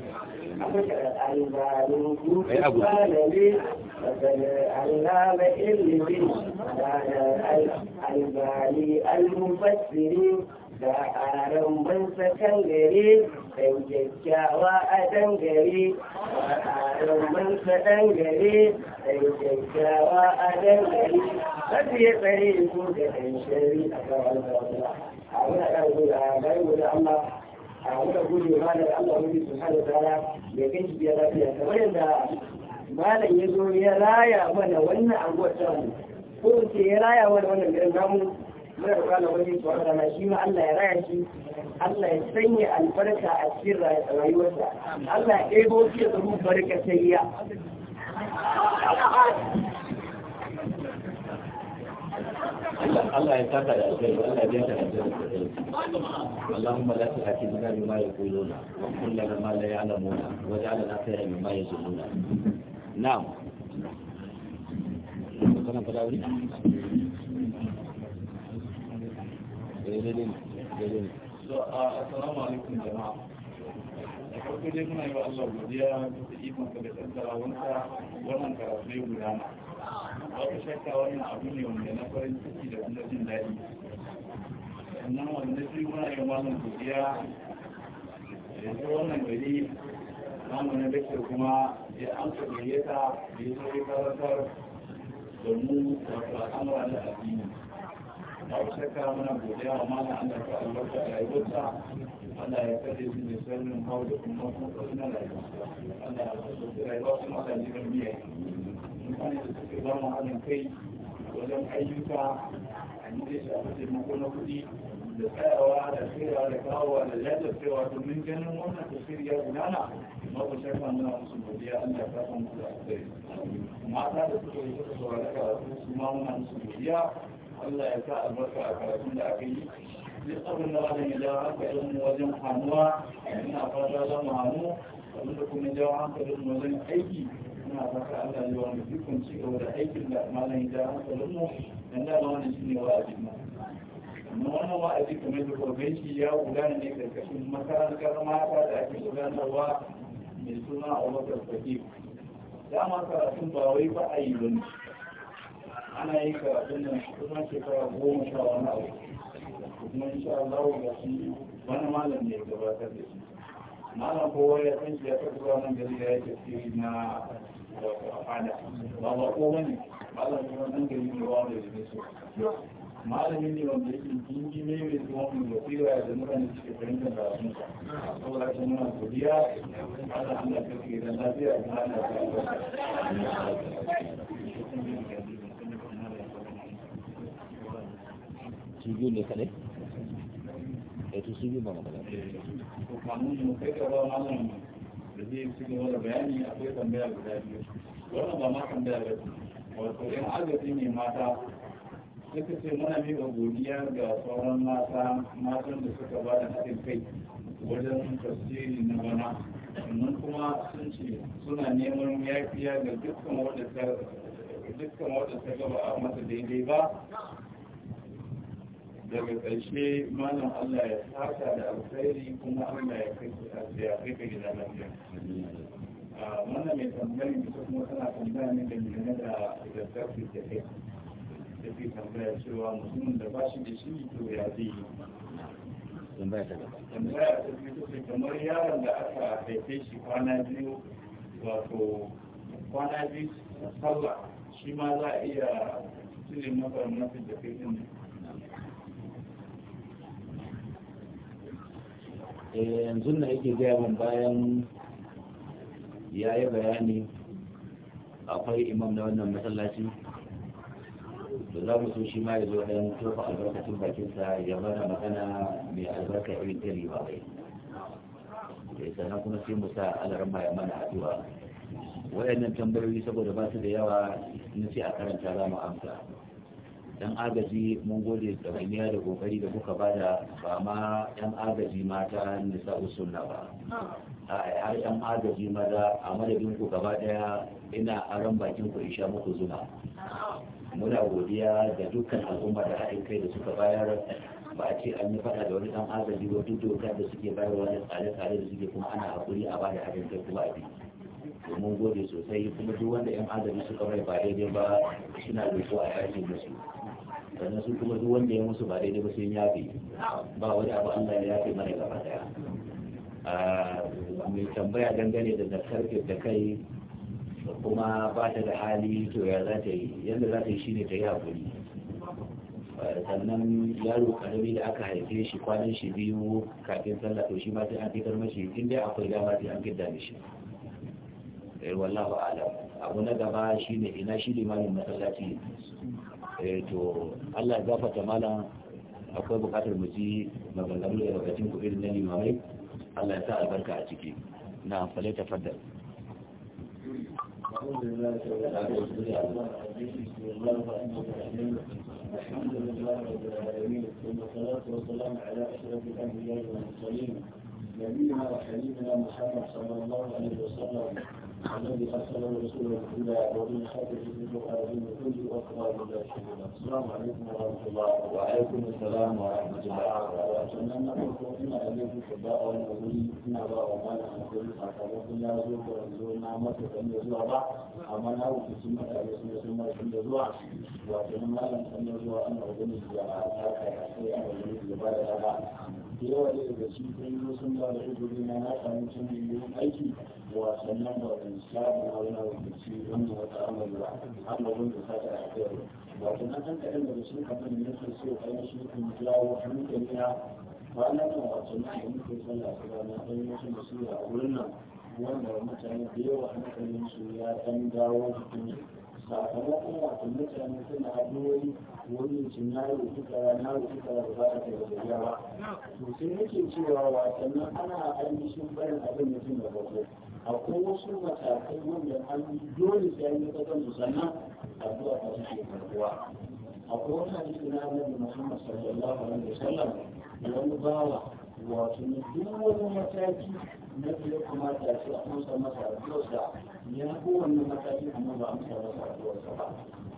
المفسرين da aran ban sakan gare dan kyakkyawa a dan gare da aran ban sakan gare dan kyakkyawa a dan gare kada ya tsare ku da dan shari'a ga Allah a wannan guda Allah a wannan gode ma da Allah wani subhanahu wa ta'ala ya kai shi biya lafiya kamar yadda malam ya zo ya raya mana wannan anguwar tamu ko in ce ya raya mana wannan garin namu muna da kwana wani subhanahu wa ta'ala shi ma Allah ya raya shi Allah ya sanya albarka a cikin rayuwarsa Allah ya ɗebo shi ya zama barkatayya Allah ya kaka da alkhairi Allah ya jinka da alkhairi Allahumma la tuhaqibna bima yaquluna wa qul lana ma la ya'lamuna wa ja'al lana khayran mimma yazunnuna Naam kana fara wuri Dalilin eh, dalilin so uh, assalamu alaikum jama'a Kwakwai dai kuna yi wa Allah godiya da ikon ka da tsantara wanta wannan karatu ne guda na. babu shakka wannan abu ne wanda na farin ciki da kuma jin daɗi sannan wanda shi muna yin wannan godiya da shi wannan gari namu na dakta kuma ya amsa gayyata da ya sai karantar da mu wato al'amura na addini babu shakka muna godiya wa malam Allah ta albarka a rayuwarsa Allah ya kaje shi ne sirrin hau da kuma kuma na rayuwa Allah ya kaje shi da rayuwa kuma Allah ya kaje wanda suke ba mu haɗin kai wajen ayyuka da zai shafi taimako na kuɗi da tsayawa da tsayawa da kawowa da jajircewa domin ganin wannan tafsiri ya gudana babu shakka muna musu godiya Allah ya kafa musu da alkhairi mata da suka yi suka saurari karatu su ma muna musu godiya Allah ya sa albarka a karatun da aka yi duk abin da wani ya jawo hankalin mu wajen hannuwa ina fata za mu hannu abin da kuma jawo hankalin mu wajen aiki suna fata Allah ya wani dukkan ci gaba da aikin da malam ya hankalin mu dan da wannan shine wa'azi mu amma wannan wa'azi kamar da gobe shi ya gudana ne karkashin makarantar mata da ake gudanarwa mai suna a wakar fake dama karatun ba wai ba a yi bane ana yin karatun nan kuma shekara goma sha wani abu kuma insha Allah ga shi wani malam ne gabatar da shi malam kowa ya san shi ya taɓa zuwa nan gari da ya tafi na ba ba gari ne ne wanda yake kingi ne mai zuwa mu ya tsira da mutane suke fahimtar da a saboda haka muna godiya ka ke da lafiya ka ne kaɗai? su biyu ba Kamun mu kai ka ba malamin da zai ci gaba da bayani akwai tambaya guda biyu wannan ba ma tambaya ba wato yan agaji ne mata suka ce muna miƙa godiya ga sauran mata matan da suka ba da haɗin kai wajen tafsiri na bana sannan kuma sun ce suna neman yafiya ga dukkan wadda ta gaba a mata daidai ba daga ƙarshe malam Allah ya saka da alkhairi kuma Allah ya kai a kai ka gida lafiya wannan mai tambayar da kuma tana tambaya ne da gane da zazzafi da kai da ke tambaya cewa mutumin da ba shi da shi to ya zai yi tambaya ta biyu ta kamar yaron da aka haife shi kwana biyu wato kwana biyu sallah shi ma za a iya cire masa masu da kai Eh, yanzu na yake gaya bayan ya yi bayani akwai imam na wannan masallaci da za mu so shi ma ya zo ɗan tofa albarkacin bakinsa ya bada magana mai albarka irin ta riba bai eh, sannan kuma sai mu sa ma ya mana haɗuwa. waɗannan tambayoyi saboda ba su da yawa na ce a karanta za mu amsa yan agaji mun gode da hanya da kokari da kuka bada ba ma yan agaji mata sa usulla ba ah. a har yan agaji maza a madadin ku gaba daya ina aron bakin ku isha muku zuma ah. muna godiya da dukkan al'umma da haɗin kai da suka bayar ba a ce an yi faɗa da wani ɗan agaji ba duk doka da suke bayarwa da tsare-tsare da suke kuma ana haƙuri a bada haɗin kai kuma a bi gode sosai kuma duk wanda 'yan agaji suka mai ba daidai ba suna roƙo a yakin da da ya musu ba daidai ba ya fi ba wani abu Allah ya yafe mana gaba daya mai tambaya dangane da zakar da kai kuma ba ta da hali to ya za ta yi yadda za ta yi shine ta yi hakuri sannan yaro karami da aka haife shi kwanan shi biyu kafin sallah to shi ma sai an fitar mashi in dai akwai dama sai an fidda mishi eh, wallahu alam abu na gaba shine ina shi limamin masallaci eh to Allah ya gafarta mana akwai bukatar mu ji maganganu da yawancin kuɗi da nani mawai Allah ya sa albarka a ciki na fale ta faddar الحمد لله رب العالمين والصلاة والسلام على أشرف الأنبياء والمرسلين نبينا وحبيبنا محمد صلى الله عليه وسلم النبي صلى الله عليه وسلم رسول الله ومن خاتم المقابلين كل اخبار الله السلام عليكم ورحمه الله وعليكم السلام ورحمه الله وبركاته sannan na farko ina da ba a wani wuri ina ba wa mana a wuri sakamakon ya ba amma na da sun sun malam kan zuwa ana wani da ya ta ba da yawa ɗaya daga cikin sun sun ba da uzuri na na samu canjin wurin aiki wa sannan ba da samu na wani rikici wanda wata amari ba amarin da ta ta yaƙi ba ta na kan kaɗan daga cikin kafin ne ke so ainihin in jawo hankali na kwanan nan wato na yi muke sallah su ba na ainihin musu a wurin nan wanda mutane da yawa hankalin su ya ɗan dawo jikin ba kamar ina kun mutane suna addu'o'i wani cin na yi rufi tsara na rufi kara ba a kai da ba to sai nake cewa wasannin ana ainihin barin abin mutum da bako, akwai wasu matakai wanda an dole sai an yi kasan su sannan addu'a ta take karbuwa akwai wani hadisi na annabi Muhammad sallallahu alaihi wasallam wani bawa wato ne duk wani mataki na da ya kamata a a amsa masa addu'arsa ya kowanne mataki amma ba amsa masa addu'arsa ba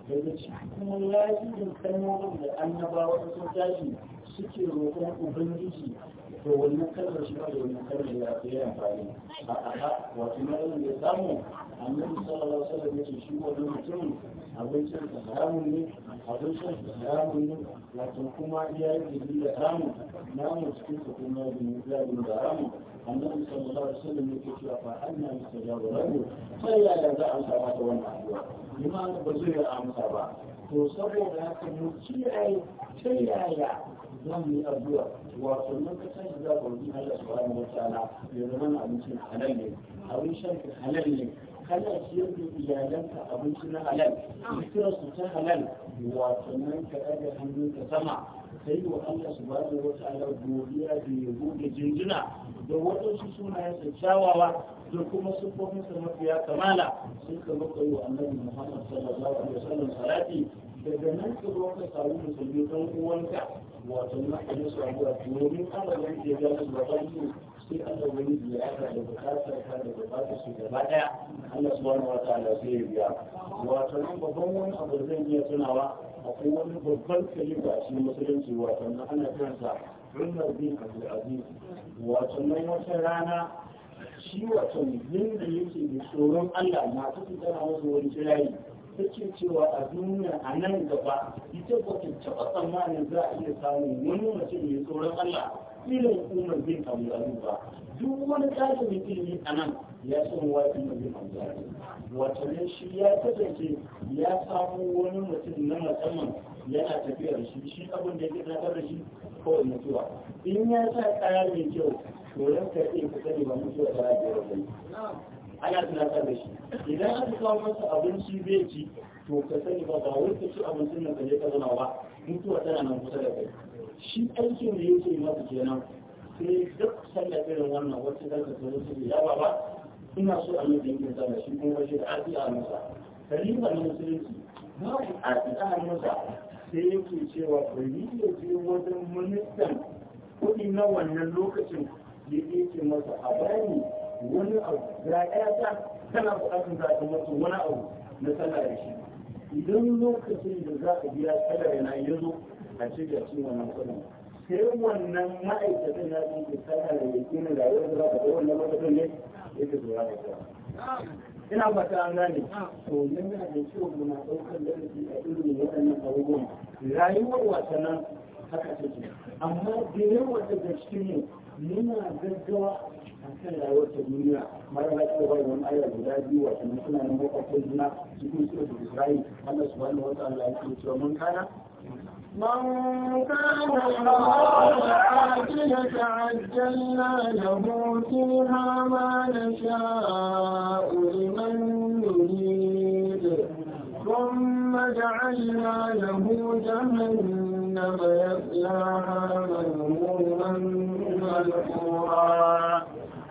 daga cikin kuma lafiyar kalmomin da annabawa sun tashi suke roƙon ubangiji to wannan kalmar shi ba da wannan kalmar da aka yi amfani a aha wato matsalar da ya samu annabi sallallahu alaihi wasallam yace shi wani mutum abincin sa haramun ne abincin sa haramun ne wato kuma iya yi da haramun namun cikin sa kuma da da haramun da sallallahu alaihi wasallam yake na fa anna ba lahu sai ya da za a amsa ta wannan addu'a kuma ba zai amsa ba to saboda haka mu kiyaye ta yaya zan yi addu'a wato lokacin da za ka rubi Allah subhanahu wa ta'ala ya zama na abincin halal ne abin shan halal ne kana ciyar da iyalanka abinci na halal fitira su ta halal wato nan ka ɗaga hannunka sama kai wa Allah subhanahu wa ta'ala godiya da yabo da jinjina da waɗansu sunayensa kyawawa da kuma siffofinsa mafiya kamala sun ka maka yi wa annabi Muhammad sallallahu alaihi wasallam salati daga nan ka zo ka samu musulmi ɗan uwanka wato na kaji su abuwa domin Allah ya ke ga su ba su sai Allah wani ziyara da bukatar ka da bukatar su gaba ɗaya Allah subhanahu wa ta'ala sai ya biya wato nan babban wani abu zai iya tunawa akwai wani babban kalifa a cikin musulunci wato na ana kansa Umar bin Abdul Aziz wato nan wata rana shi wato yin da yake da tsoron Allah na tafi tana masa wani kirayi ce cewa a duniya a nan gaba ita ba ta taɓa tsammanin za a iya samu wani mace mai tsoron Allah irin umar bin Abu ba duk wani mai ilimi a nan ya san wa umar bin Abu wato ne shi ya kasance ya samu wani mutum na musamman yana tafiyar shi shi abin da ya kasar da shi kawai mutuwa in ya sa kaya mai kyau to ranka iya kusa ne ba mutuwa ta rage ana tunatar da shi idan aka kawo masa abinci bai ci to ka sani ba ba wai ka ci abincin nan ka je ka zama ba mutuwa tana nan kusa da kai shi aikin da yake masa kenan sai duk sallar irin wannan wacce za ka zo su ya ba ba ina so a mutum yankin sallar shi kuma shi da afi a masa kalifa na musulunci babu ake a masa sai yake cewa yi ya je wajen ministan kuɗi na wannan lokacin da yake masa a bani wani abu ya ta tana buƙatar sakamakon wani abu na sallah da shi idan lokacin da za a biya sallah yana ya zo a cikin cin wannan sallah sai wannan ma'aikatan ya ɗin ke sallah da yake ne da yau za ka ga wannan lokacin ne yake zuwa da sallah ina fata an gane to yana da kyau muna ɗaukar darasi a irin waɗannan abubuwan rayuwar wasannan haka take amma da yawa daga cikin mu muna gaggawa kan rayuwar ta duniya mara na cewa wani ayar guda biyu wato na suna nan makwabtan juna su su da Isra'i Allah subhanahu wa ta'ala ya ce cewa mun kana من كان الله عاجلة له فيها ما نشاء لمن نريد ثم جعلنا له جهنم يصلاها مذموما مدحورا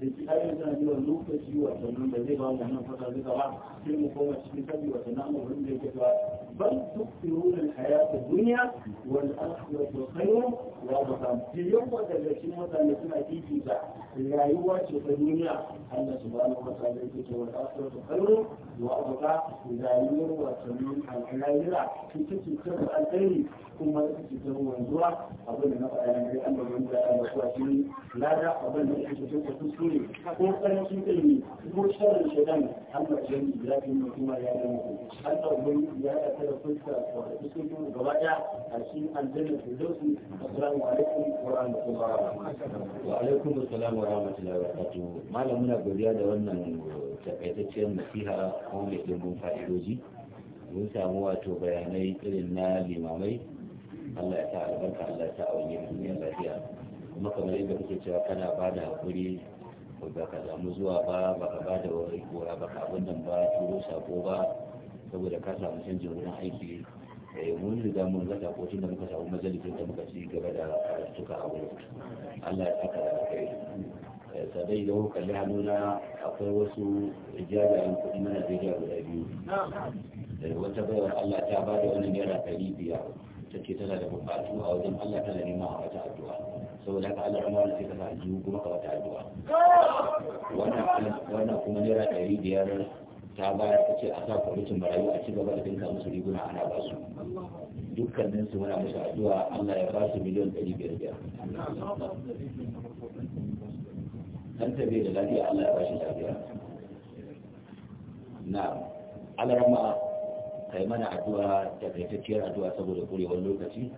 da shi har yanzu na jiwa lokaci watannin da zai ba mu nan fasa zai gaba sai mu koma cikin sabi watannin amurin da yake ba bal tukfirun alhayat ad-dunya wal akhiratu khayrun wa abqa yau da cikin mutane suna titi ba rayuwa ce ta duniya Allah subhanahu wa ta'ala yake cewa akhiratu khairu wa abqa rayuwar watannin al-akhirah ita ce ta alkhairi kuma ita ta wanzuwa abin da na faɗa ne Allah wanda ya kuwa shi lada abin da yake cikin ta kusuri ko karancin ilimi ko sharrin shaitan Allah ya yi ya yi kuma ya yi mu Allah ubangiji ya ta da fuska wa gaba daya a cikin aljanna firdausi assalamu alaikum wa rahmatullahi wa barakatuh wa alaikum assalam wa rahmatullahi wa barakatuh malam muna godiya da wannan takaitacciyar nasiha kuma mai mun fa'idoji mun samu wato bayanai irin na limamai Allah ya sa albarka Allah ya sa a wani lafiya kuma kamar yadda kuke cewa kana ba da hakuri ba ka samu zuwa ba ba ka ba da wani kora ba ka abin nan ba turo sako ba saboda ka samu canjin wurin aiki Eh, mun riga mun ga sakokin da muka samu majalisin da muka ci gaba da karatuka a Allah ya saka da kai eh, sadai da kuka kalli hannuna akwai wasu jajayen kuɗi na Najeriya guda biyu wata baiwar Allah ta ba da wani naira ɗari biyar ta ce tana da bukatu a wajen Allah tana nema a wata addu'a saboda haka Allah ramar da ta sa a kuma a wata addu'a wannan kuma naira ɗari biyar ta baya ta ce a sa kwamitin marayu a ci gaba da dinka musu riguna ana ba su dukkanin su muna musu addu'a Allah ya ba su miliyan ɗari biyar biyar dan tabe da lafiya Allah ya ba shi lafiya na alarma kai mana addu'a da kai ta kaitacciyar addu'a saboda kurewar lokaci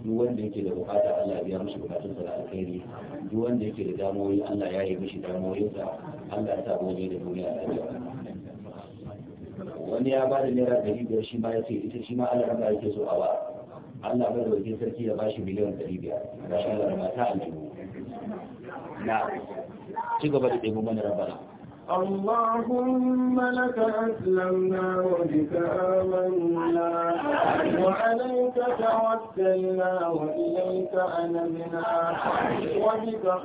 duk wanda yake da bukata Allah ya biya mishi bukatun sa da alheri duk wanda yake da damuwoyi Allah ya yi mishi sa Allah ya sa gobe da duniya lafiya wani ya ba da naira ɗari biyar shi ma ya ce ita shi ma Allah raba yake so a ba Allah bai roƙi sarki ya shi miliyan ɗari biyar ga shi Allah raba ta aljihu na ci gaba da ɗebo mana rabana اللهم لك أسلمنا وبك آمنا وعليك توكلنا وإليك أنبنا وبك